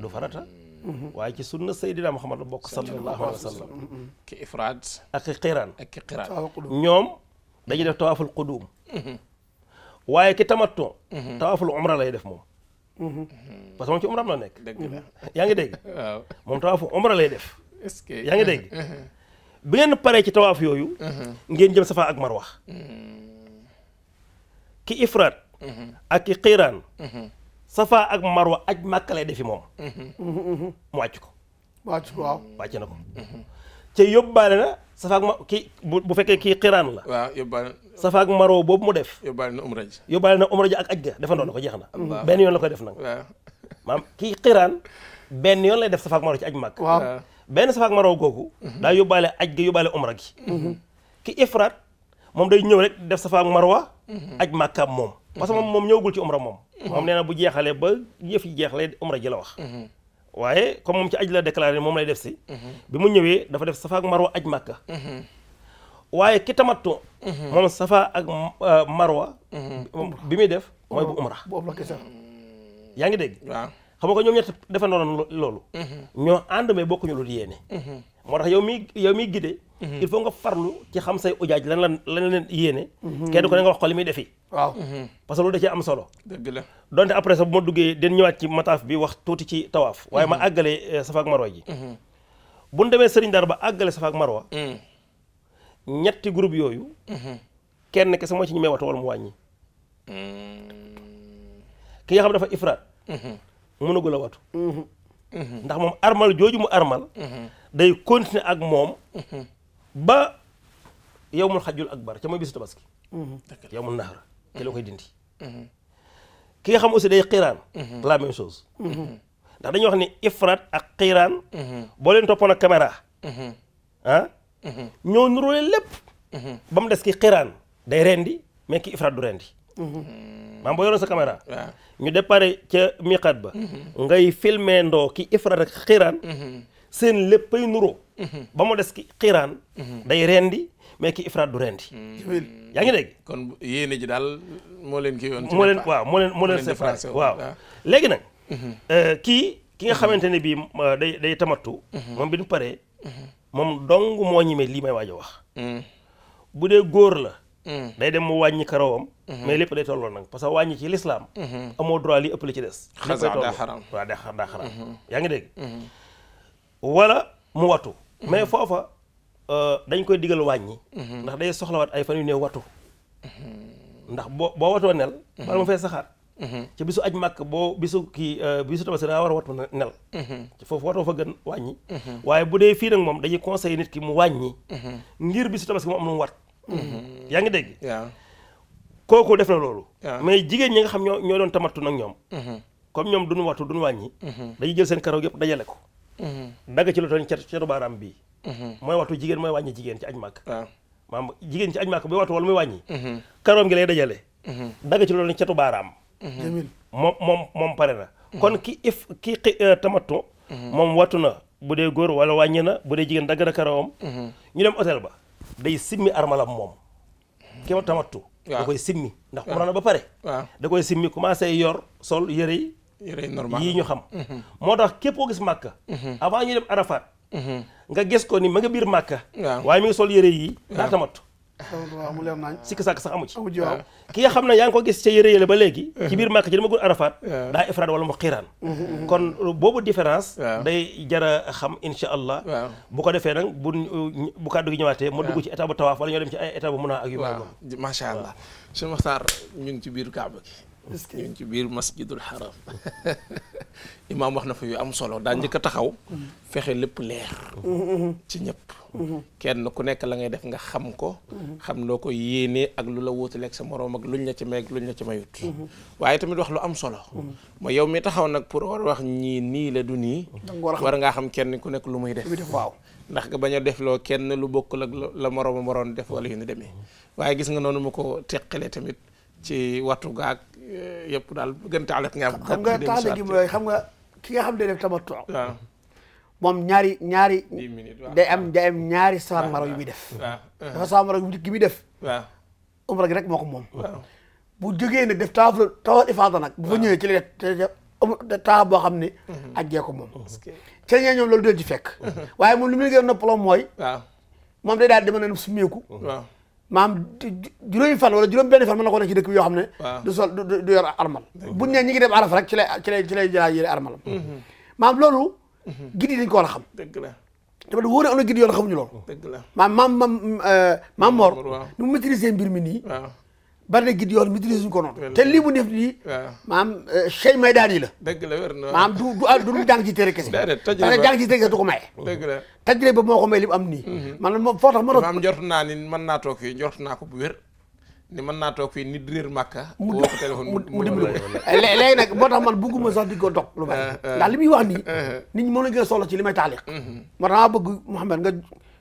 du farata Mm-hmm. waaye ci sunna Seydina Muhammad la bokk sallallahu alayhi mm-hmm. ki ifraad ak ki qiraan ñoom dañuy def tawaaful qudum mm-hmm. waaye ki tamattu tawaaful umra lay def moom parce moom ci umra am nekk yaa ngi dégg moom tawaafu umra lay def est-ce que yaa ngi dégg bi ngeen paree ci tawaaf yooyu ngeen jëm safa ak marwa ki ifraad ak ki qiraan safa ak marwa aj màkka lay defi moom mm-hmm. mu wàcc ko wàcc ko wàcc na ko mm-hmm. ca yóbbaale na safa ak ma kii bu fekkee kii xiraan la waaw yóbbaale marwa boobu mu def yóbbaale na umra ji na umra ji ak aj ga defandoo na ko jeex na mm-hmm. benn yoon la koy def nag waaw kii xiraan benn yoon lay def safa ak marwa ci aj benn safa ak marwa googu daa yóbbaale aj ga yóbbaale umra gi ki ifraat moom day ñëw rek def safa ak marwa aj màkkaam moom parce que moom moom ñëwagul ci umra moom moom nee bu jeexalee ba yëf yi jeexalee umra ji la wax mhm. waaye comme moom ci aj la déclaré moom lay def si mhm. bi mu ñëwee dafa def safa ak marwa aj màkka mhm. waaye ki tamattu moom safa ak euh, marwa bi muy def mooy bu umra mm. yaa ngi dégg waaw xam nga ko ñoom ñett defandoo loolu ñoo ànd mais bokkuñu lu di yéene moo tax yow mi yow miy gide Mhm. il faut nga farlu ci xam say ujaaj lan lan lan leen yéene mhm. kenn ku ne nga wax ko li muy defi waaw mhm. parce que loolu da cee am solo dëgg la donte après sax bu ma duggee den ñëwaat ci mataaf bi wax tuuti ci tawaaf waaye ma àggale eh, safaak marwa ji bu ñu demee sëriñ Daara ba àggale safaak marwa ñetti groupe yooyu kenn kese moo ci ñu may watu wala mu wàññi ki nga xam dafa ifraat mënagul a watu ndax moom armal jooju mu armal day continuer ak moom ba yowmul xajjul akbar ca mooy bisu tabaski mhm. yowmul nahar ci la koy dindi mhm. ki xam aussi day xiraan mhm. la même chose ndax dañuy wax ni ifrat ak xiraan boo leen toppoon ak caméra ah ñoo nuróole lépp ba mu des ki xiraan day rendi mais ki ifrat du rendi maam boo yoroon sa caméra ñu déparé ca miqaat ba ngay filmé ndoo ki ifrat ak xiraan seen léppay nuroo ba mu des ki xiraan day rendi mais ki ifraat du rendi yaa ngi dégg kon yéene ji daal moo leen kii yoon moo leen waaw moo leen moo leen waaw léegi nag mhm. euh, kii ki nga xamante ne bii euh, day day tamattu mhm. moom bi ñu paree moom dong moo ñemee lii may waajo wax mhm. bu dee góor la day dem mu wàññi karawam mais lépp day tolloo nag parce que wàññi ci lislaam amoo droit li ëpp li ci des xasa waaw daa xaram yaa ngi dégg wala mu wattu mais foofa euh, dañ koy digal wàññi mhm. ndax day soxlawaat ay fan yu ne wattu mhm. ndax boo boo watoo nel wala mhm. mu fay saxaar ci bisu aj màkk boo bisu kii euh, bisu tabaski da nga war a watu nel foofu watoo fa gën wàññi waaye bu dee fii nag moom dañuy conseil nit ki mu wàññi ngir bisu tabaski mu am lu wat yaa ngi dégg kooku def na loolu mais jigéen ñi nga xam ñoo ñoo doon tamattu nag ñoom comme ñoom du duñu wattu duñu wàññi dañuy jël seen karaw yëpp dajale ko dagg mm-hmm. ci lu toll cetu baaraam bii mm-hmm. mooy waxtu jigéen mooy wàññi jigéen ci aj màkk ah. maam jigéen ci aj màkk bi waxtu wala muy wàññi mm-hmm. karoom gi lay dajale dagg ci lu toll cetu baaraam moom moom moom pare na kon ki if ki euh, tamattu moom wattu na bu dee góor wala wàññi na bu dee jigéen dagg na karawam ñu dem hôtel ba day simmi armalam moom ki ma da koy simmi ndax umra na ba pare da koy simmi commencé yor sol yëre yi yii ñu xam moo tax képp koo gis màkka avant ñu dem arafat nga gis ko ni ma nga biir màkka waaye mi ngi sol yére yi naata mat mu leer nañ sikk sàkk sax amu ki nga xam ne yaa ngi ko gis ca yére yële ba léegi ci biir màkka ci dama gul arafat daa ifraad wala mu xiiraan mm-hmm, mm-hmm. kon boobu différence day jara xam insha allah bu ko defee nag bu bu kàddu gi ñëwaatee mu dugg ci état bu tawaaf wala ñoo dem ci ay mun a ak yu macha allah Cheikh Makhtar ñu ngi ci biir kaaba ñu ngi ci biir masjidul haram (laughs) imaam wax na fa yu am solo daa njëkk a taxaw fexe lépp leer ci ñëpp kenn ku nekk la ngay def nga xam ko xam loo ko yéenee ak lu la wóotaleeg sa moroom ak luñ la ci may ak la ci mayut waaye tamit wax lu am solo mooy yow mi taxaw nag pour war wax ñii nii la du nii war ngaa xam kenn ku nekk lu muy def waaw ndax nga bañ a def loo kenn lu bokkul ak la morooma moroon def wala yu ni demee waaye gis nga noonu ma ko teqale tamit ci wattu gaag yëpp daal gën taaleq nga xam nga taaleq gi nga ki nga xam ne def tamattu waaw moom ñaari ñaari day am day am ñaari safar maro yu muy def safar maro yu njëkk def waaw umra rek moo ko moom bu jógee nag def tawaaf tawal ifaada nag bu fa ñëwee ci def um, tawaaf boo xam ne mhm. ajjee ko moom ci ñee ñoom loolu deen ci fekk mhm. waaye moom li muy gën a noppaloo mooy moom day daal dama nen sumeeku waaw maam juróomi fan wala juróom benn fan mën na ko nekk ci dëkk bi yoo xam ne du sol du yor armal buñ ne ñi ngi dem araf rek ci lay ci lay ci lay jëlaa yére armal mm-hmm. maam loolu mm-hmm. gidi dañ ko war a xam dëgg la dama wóor ne am na gidi yoo xam xamuñu loolu dëgg la maam maam maam euh, maam Mor ni mu maîtriser mbir mi nii bari na gid yoon maîtrise ñu ko noonu te lii bu def nii maam euh, chey may daan yi la la wér na maam du du du jàng ci téere kese dana jàng ci téere kese du ko maye ba moo ko may li mu am nii mhm. man moom foo tax maam njortu naa ni mën naa toog fii njortu naa ko bu wér ni mën naa toog fii nit réer màkka mu woo ko téléphone mu dimbali ko léegi nag moo tax man bugguma sax di ko dog lu bari ah, ah. ndax li muy wax nii ah, nit ñi moom la gën a soxla ci li may taalix moo mhm. tax ma bëgg Mouhamed nga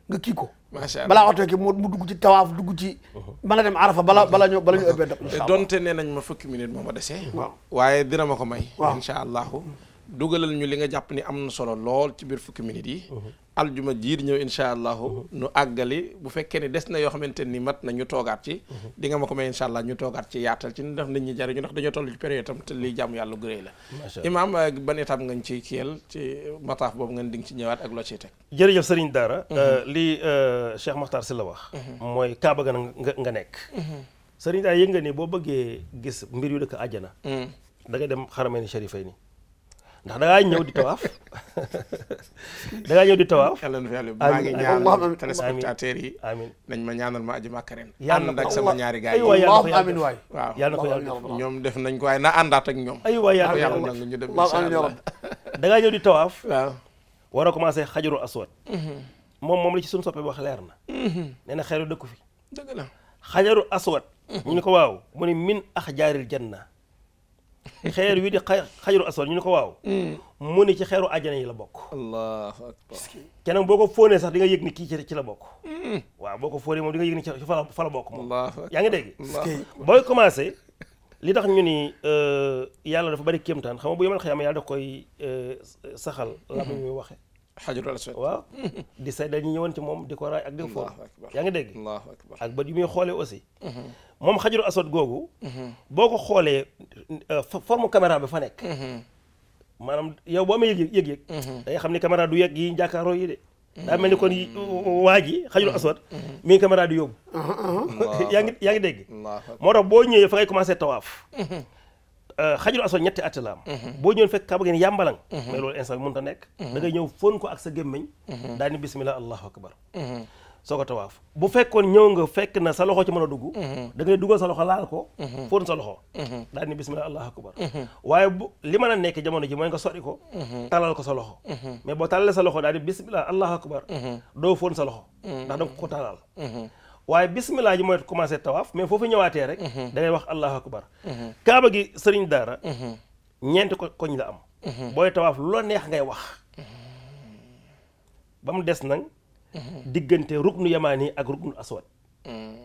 nga kii ko macha allah balaa waxtu ki mu dugg ci tawaaf dugg ci. mën a dem arafa bala bala ñu bala ñu ëppee dab. incha allah donte nee moo ma dese. waaw waaye dina ma ko may. waaw incha allahu. dugalal ñu li nga jàpp ni am na solo lool ci biir fukki minutes yi mhm. aljuma jii di ñëw insha allahu mhm. nu àggali bu fekkee ni des na yoo xamante ni mat na ñu toogaat ci mhm. di nga ma ko may insha allah ñu toogaat ci yaatal ci ndax nit ñi jariñu ndax dañoo toll ci période tam te lii jàmm yàlla gurée la imaam euh, ban étape ngañ ci kiyal ci mataaf boobu ngeen di nga ci ñëwaat ak loo ciy teg jërëjëf sëriñ daara euh, lii euh, Cheikh Makhtar la wax mooy kaaba ga nga nga nekk sëriñ daara nga ni boo bëggee gis mbir yu dëkk àjjana da nga dem xarameeni sharifay ni ndax da ñëw di tawaaf (laughs) da ngaa ñëw di tawaaf. yàlla na fi yàlla maa ngi ñaanal téléspectateur yi. amiin ma ñaanal ma aji Màkka ren. ànd ak ñaari gars yi amiin waay waaw yàlla na ko yàlla ñoom def nañ ko waaye na àndaat ak ñoom. aywa yàlla na ñu dem incha allah da ngaa ñëw di tawaaf. waaw war a commencé xajarul aswad. Mhm. moom moom la ci suñu soppe wax leer na. Mhm. nee na xeeru dëkku fi. dëgg la xajarul aswad. Mhm. ñu ne ko waaw mu ne min axjaaril janna xeer wi di xajaru asol ñu ne ko waaw mm. mu ni ci xeeru àjjana yi la bokk allahu akbar boo ko fóonee sax di nga yëg ni kii ci la bokk mm. waaw boo ko fóonee moom di yëg ni ci fa la fa la bokk moom yaa ngi dégg booy commencé li tax ñu ni euh, yàlla dafa bari kéemtaan xam nga bu yemal xiyama yàlla koy euh, saxal la mu ñuy waxe xajarul aswad waaw di say dañu ñëwoon ci moom di ko raay ak ko yaa ngi dégg ak bët yu muy xoolee aussi mm-hmm. moom xajaru aswad googu. boo ko xoolee euh, forme caméra bi fa nekk. maanaam yow boo ma yëg yëg. da nga xam ni caméra du yegg yi jàkkaaroo yi de. daa mel ni kon waa ji xajaru aswad. mi ngi caméra du yóbbu. (laughs) yaa ngi dégg. moo tax boo ñëwee fa ngay commencé tawaaf. xajaru euh, aswad ñetti at la boo ñëwoon fekk kaaba gi ni yàmbalang. mais loolu instant bi mënut nekk. da ngay ñëw fóon ko ak sa gémmiñ. Mhm. daal ni bismillah allahu akbar mhm. soo ko tawaaf bu fekkoon ñëw nga fekk na sa loxo ci mën a dugg mhm. da ngay dugal sa loxo laal ko mhm. fóon sa loxo mhm. daal ni bismillah allah akbar waaye bu li mën a nekk jamono ji mooy nga sori ko talal ko sa loxo mais boo talalee sa loxo daal di bismillah allah akbar doo fóon sa loxo ndax danga ko talal waaye bismillah ji mooy commencé tawaaf mais foofu ñëwaatee rek da ngay wax allah akbar kaaba gi sëriñ daara ñeenti ko koñ la am booy tawaaf lu la neex ngay wax ba mu Eh. diggante ruknu yamaani ak ruknu aswad eh.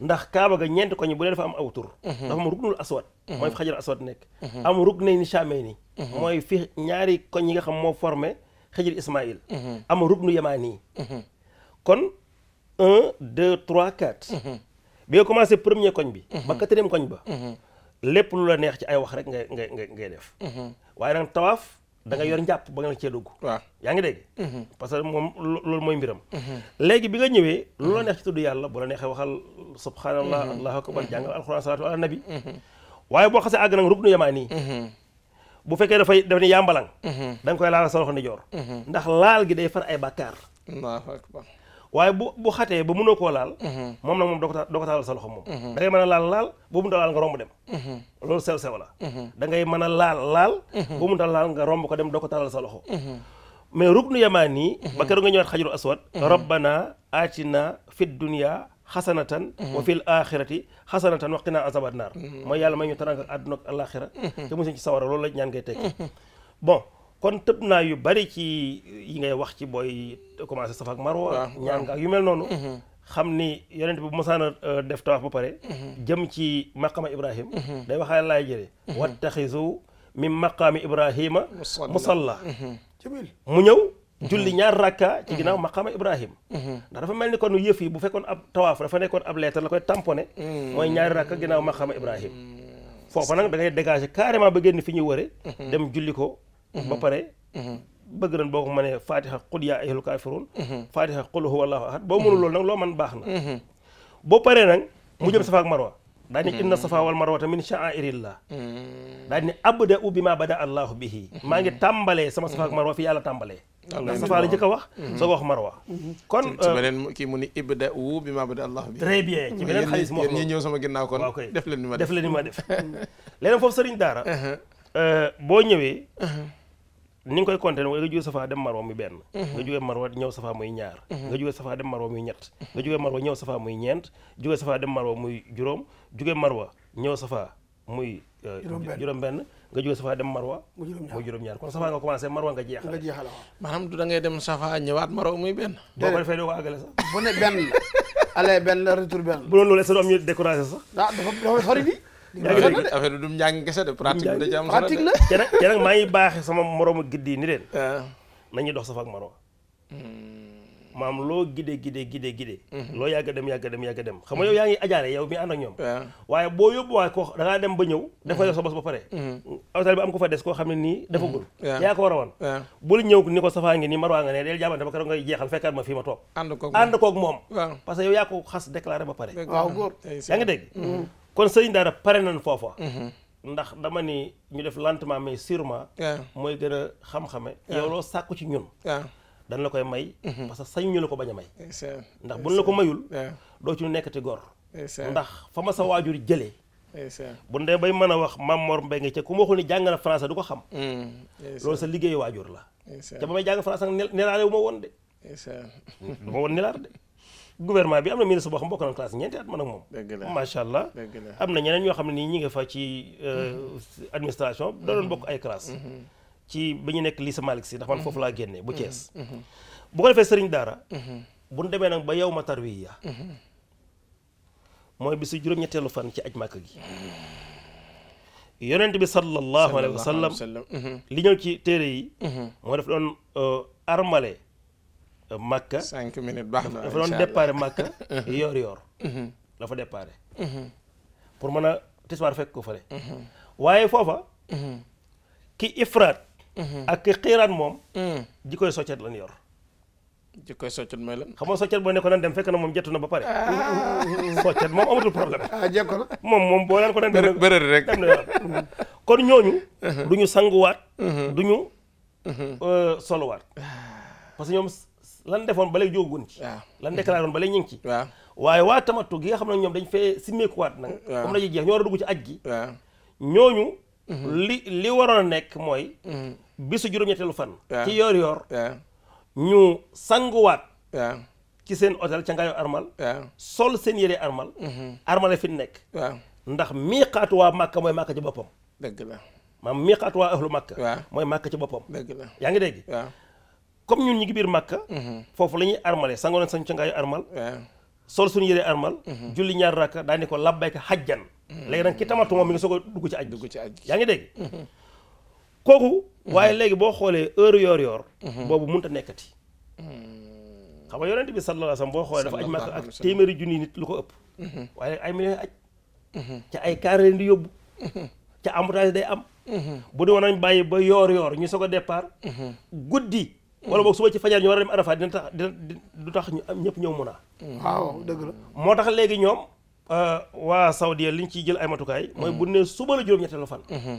ndax kaaba ga ñeenti koñ bu dee dafa am aw tur eh. dafa am ruknul aswad mooy fi xajar aswad nekk am ruknayni shaameyni mooy ñaari koñ yi nga xam moo formé xajar ismail am ruknu yamaani kon un deux trois quatre bi nga commencé premier koñ bi ba quatrième koñ ba lépp lu la neex ci ay wax rek ngay ngay ngay def waaye nag tawaaf da nga yor njàpp ba nga la cee dugg waaw yaa ngi dégg mhm. parce que moom loolu mooy mbiram mhm. léegi bi nga ñëwee lu la mhm. neex ci tudd yàlla bu la neexee waxal subhanallah allahu akbar jàngal alquran boo xasee àgg nag ruknu yamaani bu fekkee dafay daf da nga koy sa loxo ndijoor ndax laal gi day far ay bàkkaar allahu akbar waaye bu bu xatee ba mënoo koo laal mhm. moom na moom doo ko doo ko taalal sa loxo moom mhm. da ngay a laal laal boo mënta laal nga romb dem mhm. loolu sew da ngay mën a laal laal boo mënta nga romb ko dem doo ko taalal sa loxo mais ruknu yamaan yi ba keroog nga ñëwaat xajarul aswad rabbana atina fi dunya xasanatan wa fil axirati xasanatan wa qina azaban naar mooy yàlla may ñu taranga àdduna ak alaxira te musuñ ci sawara loolu la ñaan ngay tekki bon kon tëb naa yu bari ci yi ngay wax ci booy commencé safa ak marwa ñaan nga ak yu mel noonu mhm. xam ni yonent bi bu mosaan euh, def tawaaf ba pare mhm. jëm ci maqama ibrahim mhm. day waxaale laay jëre wattaxisu min maqaami ibrahima musalla mu ñëw julli ñaar rakka ci ginnaaw maqama ibrahim ndax dafa mel ni kon yëf yi bu fekkoon ab tawaaf dafa nekkoon ab lettre la koy tamponné mooy ñaari rakka ginnaaw maqama ibrahim foofa nag dangay ngay dégager ba génn fi ñuy wëre dem julli ko ba mhm. pare mhm. bëgg ren boo ko mënee faatixa qul yaa ayyuhal kaafiruun mhm. faatixa qul huwa allaahu ahad boo mënul loolu nag loo man baax na boo paree nag mu jëm safa ak marwa daa ni inna safa wal marwata min sha'airillah daa ni abda u bi ma bada allahu bihi maa ngi tàmbalee sama safa ak marwa fi yàlla tàmbalee ndax safa la jëkk a wax soo ko wax marwa kon euh, kii mu ni ibda u bi ma bada allahu bihi très bien ci beneen xaalis moo ñi def leen ni ma def leen ma def léegi (laughs) foofu sëriñ daara uh-huh. euh, boo ñëwee uh-huh. ni nga koy compter mooy nga jóge safa dem marwa muy benn mhm. nga jóge marwa ñëw safa muy ñaar mhm. nga dem marwa muy ñett nga jóge marwa ñëw safa muy ñeent jóge safa dem marwa muy juróom jóge marwa ñëw safa muy euh, juróom benn nga jóge safa dem marwa muy juróom-ñaar kon safa nga commencé marwa nga jeexal nga jeexal du da ngay dem safa ñëwaat marwa muy benn boo ko defee doo ko àggale sax bu ne benn la allez benn retour benn bu doon loolu est-ce am ñu découragé sax ah dafa dafa sori bi affaire bi du njàng kese de la te maa ngi baaxee sama moroomu giddi yi ni leen ah. nañuy dox safa ak marwa hmm. maam loo gide gide gide gide hmm. loo yàgg dem yàgg dem yàgg dem xam nga yow yaa ngi ajaare yow mi ànd ak ñoom ah. waaye boo yóbbu waaye dem ba ñëw def nga hmm. sa bos ba pare awtal fa des koo xam ne nii defagul ah. yaa ko war a wan bul ñëw ni ko safaa ngi nii marwaa nga ne deel jaabante ba keroog ngay jeexal fekkaat ma fii ma toog ànd koog moom parce que yaa ko xas déclaré ba pare waaw góor yaa ngi dégg kon sëriñ daara pare nañ foofa mhm. ndax dama ni ñu def lentement mais sirma mooy gën a xam-xame yow loo sàkku ci ñun dañ la koy may mhm. parce que sañ ñu la ko bañ a may ndax bu buñ la ko mayul doo ci nekkati gor ndax fa ma sa waajur jëlee bu ndee bay mën a wax Mame mbay Mbengue ca ku ma waxul ni jàng na français du ko xam mm. loolu sa liggéey waajur la te ba may jàng français nelaale wu ma woon de du ma woon nelaar de gouvernement bi am na ministre boo xam bokk na classe ñeenti at man ak moom macha allah am na ñeneen ñoo xam ne nii ñi nga fa ci euh, administration da doon mm-hmm. bokk ay classe mm-hmm. ci ba ñu nekk lycée Malick Sy ndax man foofu laa mm-hmm. génnee bu cees boo ko defee sëriñ daara bu ñu demee nag ba yow ma tarwiya mooy bisu juróom-ñetteelu fan ci aj màkk gi yonent bi sallallahu alayhi wa sallam li ñëw ci téere yi moo def doon euh, armale Makka. cinq minutes baax na dafa doon départ Makka. (laughs) yoor yoor mhm. dafa départ. Mhm. pour mën a tisbaar fekk ko fële. Mhm. waaye foofa. ki ifraat. ak ki xiiraat moom. Mm. ji koy soccet lan yor. ji koy soccet mooy lan. xam nga soccet boo nekkoon nan dem fekk na moom jettu na ba pare. Ah. (laughs) soccet moom amatul problème. (laughs) ah jékko la moom moom boo leen ko. bërë rek dem na yoon kon ñooñu. du ñu sanguwaat. du ñu euh, soluwaat. Ah. parce que ñoom lan defoon ba léegi jóogun ci lan déclaré woon ba léegi ñu ngi ci waaye waa tamatu gi nga xam ne ñoom dañ fee simmeekuwaat nag comme dañuy jeex ñoo war ci aj gi ñooñu mhm. li li waroon nekk mooy mhm. bisu juróom fan yoor yoor ñu sanguwaat ci seen hôtel ca ngaayo armal sol seen yére armal mhm. armale fi nekk ndax miiqaatu waa màkka mooy màkka ci boppam dëgg la maam miiqaatu waa ahlu màkka mooy màkka ci boppam dëgg yaa ngi dégg comme ñun ñu ngi biir Màkka. Mhm. foofu la ñuy armale sangoon sañ cangaayu armal. sol suñ yëree armal. Mhm. julli ñaar rakka daa ne ko labbayka hajjan. Mhm. léegi nag ki tamatu mi ngi soog a dugg ci aj dugg ci aj yaa ngi dégg. kooku. waaye léegi boo xoolee heure yoor yor boobu mënut a nekkati. xam nga yonent bi sallallahu alayhi wasallam boo xoolee dafa aj Màkka ak téeméeri junni nit lu ko ëpp. waaye ay millions aj. ca ay kaar leen di yóbbu. ca embouteillage day am. bu dee woon bàyyi ba yor-yor ñu soog a départ. guddi. wala boo suba ci fajar ñu war a dem Arafat dina tax dina du tax ñëpp ñëw mun a. Mm. dëgg la. moo tax léegi ñoom euh, waa Saudiya liñ ñu ciy jël ay matukaay. mooy mm. bu ne suba la juróom-ñetteelu fan. Mm-hmm.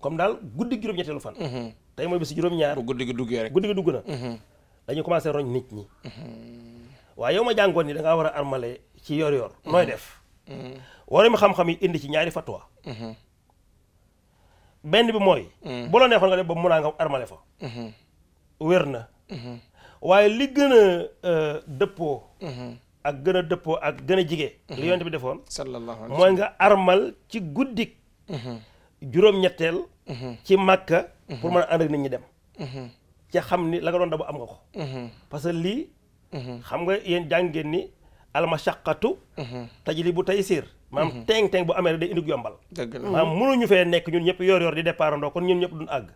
comme daal guddi juróom-ñetteelu fan. Mm-hmm. tey mooy bés juróom-ñaar bu guddi gi duggee dugg na. Mm-hmm. dañu commencé roñ nit ñi. waaye yow ma jàngoon ni da ngaa war a armale ci yor-yor. nooy def. waroon xam-xam yi indi ci ñaari fatwa. benn bi mooy. Mm. bu la neexoon nga def ba mun a nga armale fa. wér na mhm. waaye li gëna euh, dëppoo mhm. ak gën dëppoo ak gën a jige mhm. li yonent bi defoon sallallahu alayhi mooy nga armal ci guddik juróom-ñetteel ci màkka pour mën a ànd nit ñi dem ca xam ni la nga doon dabu am nga ko parce que lii xam nga yéen jàngeen ni almashaqatu tajlibu taysir maanaam teng-teng bu amee rek day indi yombal maanaam mënuñu fee nekk ñun ñëpp yor yor di départ andoo kon ñun ñëpp duñ àgg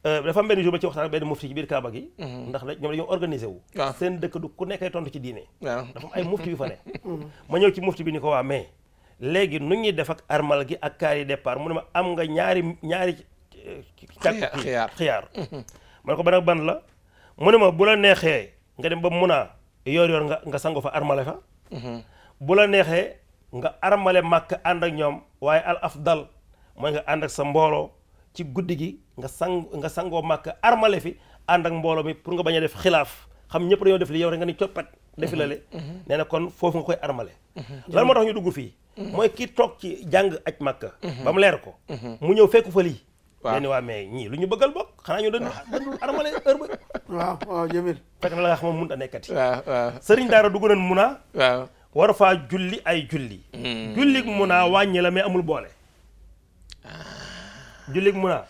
Euh, dafa am benn jour ba ci waxtaan ak benn mufti ci biir Kaaba gi. Mhm. ndax nag ñoom dañoo organisé wu. seen dëkk du ku nekkay tontu ci diine. dafa am ay mufti yu fa ne. (laughs) Mhm. ma ñëw ci mufti bi ni ko waa mais léegi nu ñuy def ak armal gi ak kaar yi départ mu ne ma am nga ñaari ñaari. xiyaar xiyaar mhm. man ko ban ban la mu ne ma bu la neexee nga dem ba mun a yor nga nga sango fa armale fa. bu la neexee nga armale màkk ànd ak ñoom waaye al afdal mooy nga ànd ak sa mbooloo. ci guddi gi nga sang nga sangoo màkk armale fi ànd ak mbooloo mi pour nga bañ a def xilaaf xam ñëpp dañoo def li yow rek nga ni coppat defi la le mm-hmm. nee na kon foofu nga koy armale mm-hmm. lan ma tax ñu dugg fii mm-hmm. mooy kii toog ci jàng ak makk ba mu leer ko mu ñëw fekk fa lii waaw waa mais ñii lu ñu bëggal bokk xanaa ñu ba waaw waaw fekk na la nga xam mënut a nekkati waaw waaw sëriñ daara dugg nañ mun a waaw war faa julli ay julli mm. julli mun a wàññi la mais amul boole ah. jullit mun a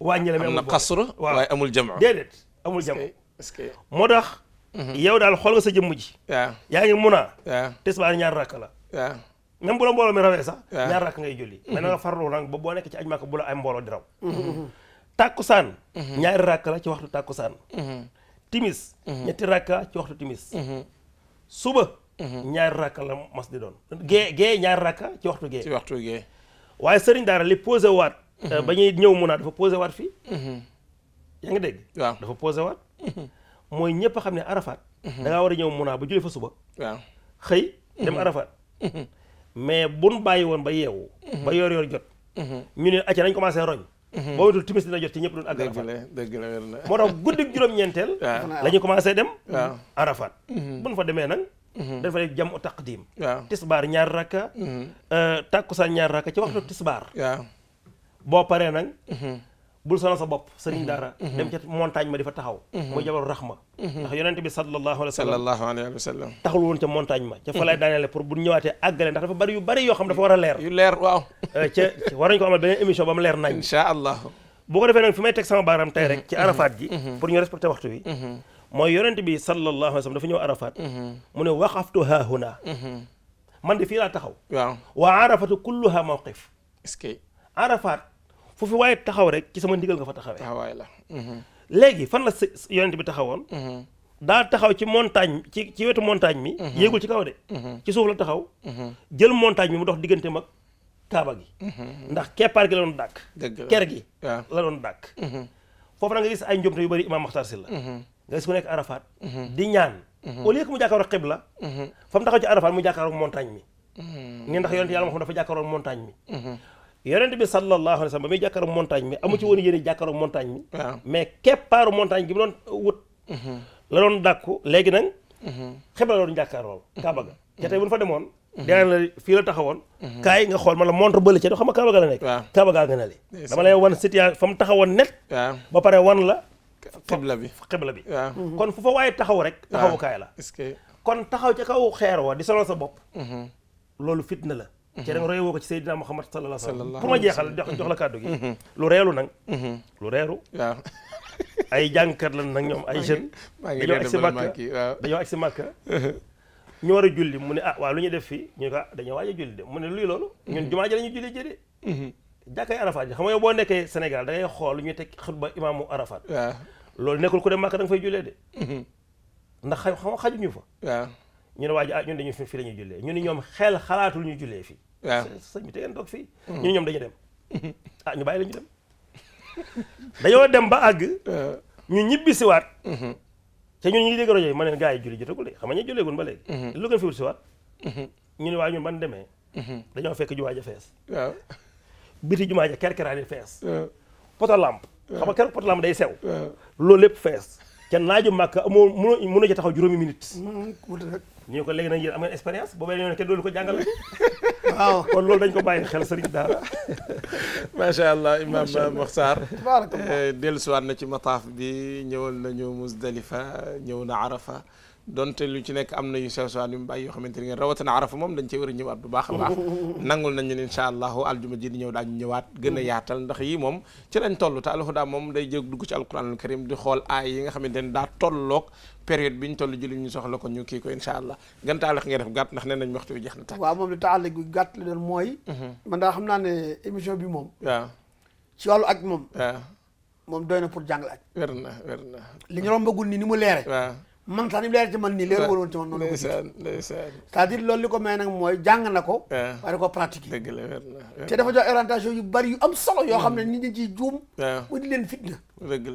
wàññi la. am na xasru waaye amul jamaa déedéet amul jamaa. est que moo tax. Mhm. yow daal xool nga sa jëmm ji. waaw yaa ngi mun a. waaw tisbaar ñaari rakk la. waaw même bu la mbooloo mi rawee sax. ñaar rakk ngay julli. mais mhm. na nga farlu nag ba boo nekk ci aj Makka bu la ay mbooloo di raw. Mhm. tàkkusaan ñaari rakk la ci waxtu tàkkusaan timis ñetti rakka ci waxtu timis suba ñaari rakk la mas di doon gee gee ñaari rakka ci waxtu gee waxtu gee waaye sëriñ daara li posé waat Euh, ba ñuy ñëw mun naa dafa posé waat fii. Mhm. yaa ngi dégg. waaw dafa posé waat. Mhm. mooy ñëpp xam ne Arafat. Mhm. da war a ñëw mun naa ba jóge fa suba. waaw xëy dem Arafat. mais buñ bàyyi woon ba yeewu. ba yor-yor jot. ñu ne acca nañ commencé roñ. boo wetul timis dina jot ci ñëpp doon àgg Arafat dëgg la wér na (laughs) la ñu commencé dem. waaw Arafat. buñ fa demee nag. dañ fa jam o taqdim. waaw tisbaar ñaar rakka. Euh, takkusaan ñaar rakka ci waxtu tisbaar. boo paree nag mhm. bul sonal sa bopp sëriñ mhm. daara mhm. dem ca montagne ma di a taxaw mooy jabalu raxma ndax yonente bi sallallahu alayhi wa sallam taxul woon ca montagne ma ca fa lay daaneele pour bu ñëwaatee àggale ndax dafa bari yu bari yoo xam dafa war a leer yu leer waaw (laughs) eh, ca war nañu ko amal beneen émission ba mu leer nañ incha ko defee nag fi may teg sama baaraam tey rek ci arafat ji pour ñu respecter waxtu wi mooy yonente bi sallallahu alayhi wa sallam foofu waaye taxaw rek ci sama ndigal nga fa taxawee. taxawaay la. Mhm. léegi fan la yonent bi taxawoon. Mhm. daa taxaw ci montagne ci ci wetu montagne mi. Mhm. yéegul ci kaw de. ci suuf la taxaw. jël montagne mi mu dox diggante mag kaaba gi. ndax keppaar gi la doon dàkk. dëgg ker gi. la doon dàkk. foofu na nga gis ay njomte yu bari Imaam Maxtar Sylla la. nga gis ku nekk Arafat. di ñaan. au lieu que mu jàkkaaroog xibla. fa mu taxaw ci Arafat mu jàkkaaroog montagne mi. ne ndax yonent yàlla moo xam dafa jàkkaaroog montagne mi. yonent bi sallallahu alayhi wa sallam ba muy jàkkaaru montagne mi amu ci woon yéene jàkkaaru montagne mi mais keppaaru montagne gi mu doon wut mhm. la doon dàkku léegi nag mhm. xibla la doon jàkkaarool mhm. kaaba ga ca fa demoon dinañ fii la taxawoon kaay nga xool ma la montre bële ca xam nga kaaba ga la nekk kaaba gaa nga ne li dama fa mu taxawoon net ba pare wan la xibla bi xibla bi kon fu fa waaye taxaw rek taxawukaay la kon taxaw ca kaw xeer wa di sonal sa bopp loolu fitna la ci da nga roye woo ko ci Seydina Muhammad sallallahu alayhi wa sallam pour ma jeexal jox jox la kàddu gi mm-hmm. lu reelu nag mm-hmm. lu reeru waaw (laughs) ay jàngkat lan nag ñoom ay jeune dañoo agsi Makka dañoo (laughs) agsi Makka ñu war a julli mu ne ah waaw lu ñuy def fii ñu ah, dañoo waaj a de mu ne luy loolu mm-hmm. ñun jumaa ji la ñuy julli jëdee jàkkay Arafat ji xam nga yow boo nekkee Sénégal da ngay xool ñuy teg xutba imaamu Arafat loolu nekkul ku dem Makka da nga fay jullee de ndax xam nga xajuñu fa waaw ñu ne waa ji ah ñun dañu fi la ñuy jullee ñun ne ñoom xel xalaatul ñu jullee fii waaw sëñ bi te ngeen fii mm. ñu ñoom dañu dem (laughs) ah ñu bàyyi la ñu dem (laughs) dañoo dem ba àgg uh. ñu ñibbi siwaat mm-hmm. te ñun ñu ngi dégg rajo yi ma neen gars yi julli jotagul xam nga ñu julleegun ba léegi mm-hmm. lu ngeen fi wut siwaat mm-hmm. ñu ne waa ñun ban demee dañoo fekk jumaa ja fees waaw biti jumaa ja kerkeraani fees uh. poto lampe uh. xam nga ker poto day sew loolu lépp fees ca naaju màkk amoo mënoo mënoo ci taxaw juróomi minute ñu ko léegi nag yéen am ngeen expérience boobee ñoo ne kenn doolu ko jàngal (laughs) waaw kon loolu dañ ko bàyyi xel sëriñ daara macha allah imam Moxtaar tabaarakallah eh, dellusiwaat na ci mataaf bi ñëwal nañu Muzdalifa ñëw na Arafa donte lu ci nekk am na yu sew sewaan yu mu bàyyi yoo xamante ni ngeen rawatina arafa moom dañ cee war a ñëwaat bu baax a baax (laughs) nangul nañ leen incha allahu aljuma ji di ñëw daañu ñëwaat gën a yaatal ndax yi moom ci lañ toll te alhuda moom day jég dugg ci alquran al karim di xool aay yi nga xamante ni daa ñu toll julli ñu soxla ko ñu kii ko incha allah gan taalax nga def na tax waaw moom li taalax gu gàtt la mooy mhm. man daa xam naa ne émission bi moom waaw ci wàllu aj moom waaw moom doy na pour jàngal aj wér na wér na li ñu rombagul ni ni mu leere man sax ni mu leer ci man nii leer woon ci man noonu ndeysaan ndeysaan c'est-à-dire loolu li ko may nag mooy jàng na ko eh. waaye ko pratique dëgg la wér na te dafa jox yu bari yu am solo yoo xam ne hmm. nit ñi ciy juum mu eh. di leen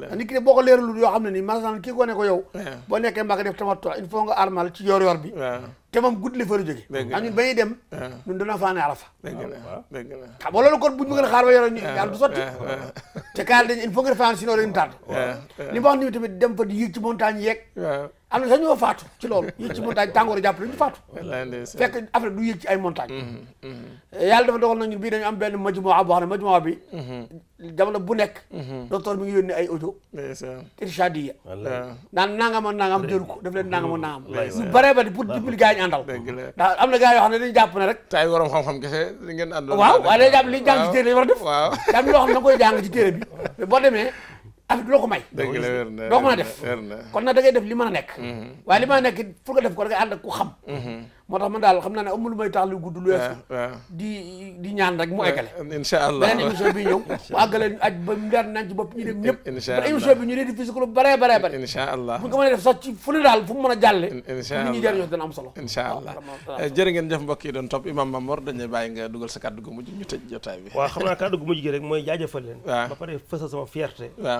la nit ki de boo ko leeralul yoo xam ne nii ko ne ko yow eh. boo nekkee mbaga def tamattu il faut nga armal ci yor yor bi te moom gudd la fa la jóge am loolu kon buñ bëgg a xaar ba yoro ñu yàlla sotti te kaal dañ il faut nga defaan si noonu ñu tàdd li ma dem fa di yéeg ci montagne yeeg am na dañoo faatu ci loolu yéeg ci montagne tàngooru jàpp lañu faatu fekk Afrique du yéeg ci ay montagne mm-hmm, mm-hmm. yàlla dafa dogal nañu bii dañu am benn majmuwa boo xam ne majmuwa bi mm-hmm. jamono bu nekk docteur mi ngi yónni ay audio irshadiya naan nangama nangam jëru ko daf leen nangama nangam ñu bare bari pour dimbali gaa ñu àndal ndax am na gaa yoo xam ne dañu jàpp ne rek te ay waroom xam-xam kese ngeen àndal waaw waaw dañu jàpp li ñu jàng ci téere lañu war a def waaw am yoo xam ne da koy jàng ci téere bi (laughs) boo demee affaire bi doo ko may. dëgg la wér na doo ko def kon nag da ngay def li ma a nekk. Mhm. waaye li mën a nekk pour def ko da ngay ànd ak xam. Mhm. moo tax man daal xam naa ne amul lu may tax lu gudd lu weesu eh, eh. di ñaan rek mu eggale eh, bi ñëw mu àggale aj ba mu leer nañ ci bopp ñu dem ñëpp ba émission bi ñu dee di physique lu bare bare bare incha allah bu ko mënee a nga dugal sa kàddu mujj ñu tëj jotaay bi waaw xam naa kàddu mujj rek mooy jaajëfal leen ba pare fësal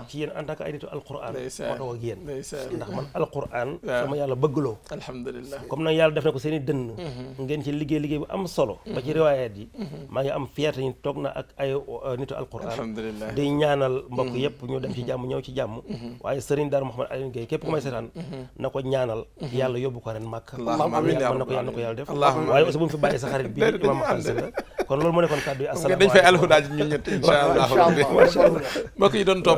ci yéen en tant ay nitu alquran moo tax man alquran sama yàlla bëggloo alhamdulillah comme nag yàlla def na ko seen dënn génn ngeen ci liggéey liggéey bu am solo ba ci riwaayaat yi mhm. maa ngi am fierté ni toog na ak ay euh, nitu alquran alhamdulilah di ñaanal mbokk mhm. yëpp ñu dem ci jàmm ñëw ci jàmm mhm. waaye sëriñ Daaru Muhammad Alioune Gueye képp ku may seetaan na ko ñaanal yàlla yóbbu ko ren màkk na ko yàlla def waaye aussi bu mu fi bàyyi sa xarit bi (laughs) imam xamsi la kon loolu moo nekkoon kàddu yi asalaamaaleykum dañ fay alhuda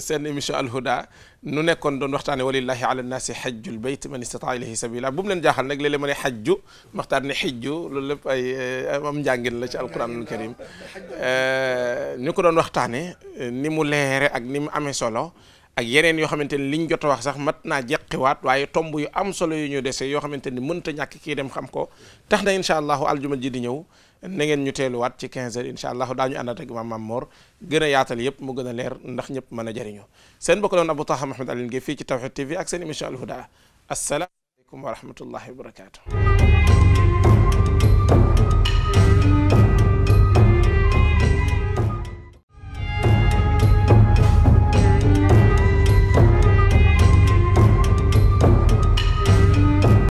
seen émission alhuda nu nekkoon doon waxtaane walillahi ala nnaasi xajjul bayt man istataa ilayhi sabila bu mu leen jaaxal nag léeg-léeg ma ne xajju waxtaan ne xijju loolu lépp ay eh, am njàngin la ci alquranul karim eh, ñu ko doon waxtaane ni mu leere ak ni mu amee solo ak yeneen yoo xamante ni liñ jot wax sax mat naa jeqiwaat waaye tomb yu am solo yu ñu dese yoo xamante ni mënta ñàkk kii dem xam ko tax na incha allahu aljuma ji di ñëw na ngeen ñu teeluwaat ci 15 heures incha allah daañu àndaat ak imaam gën a yaatal yëpp mu gën a leer ndax ñëpp mën a jëriñu seen bokk doon Abou Taha Mouhamed Alioune Guèye fii ci Tawhid TV ak seen émission Al Huda asalaamaaleykum wa rahmatullahi wa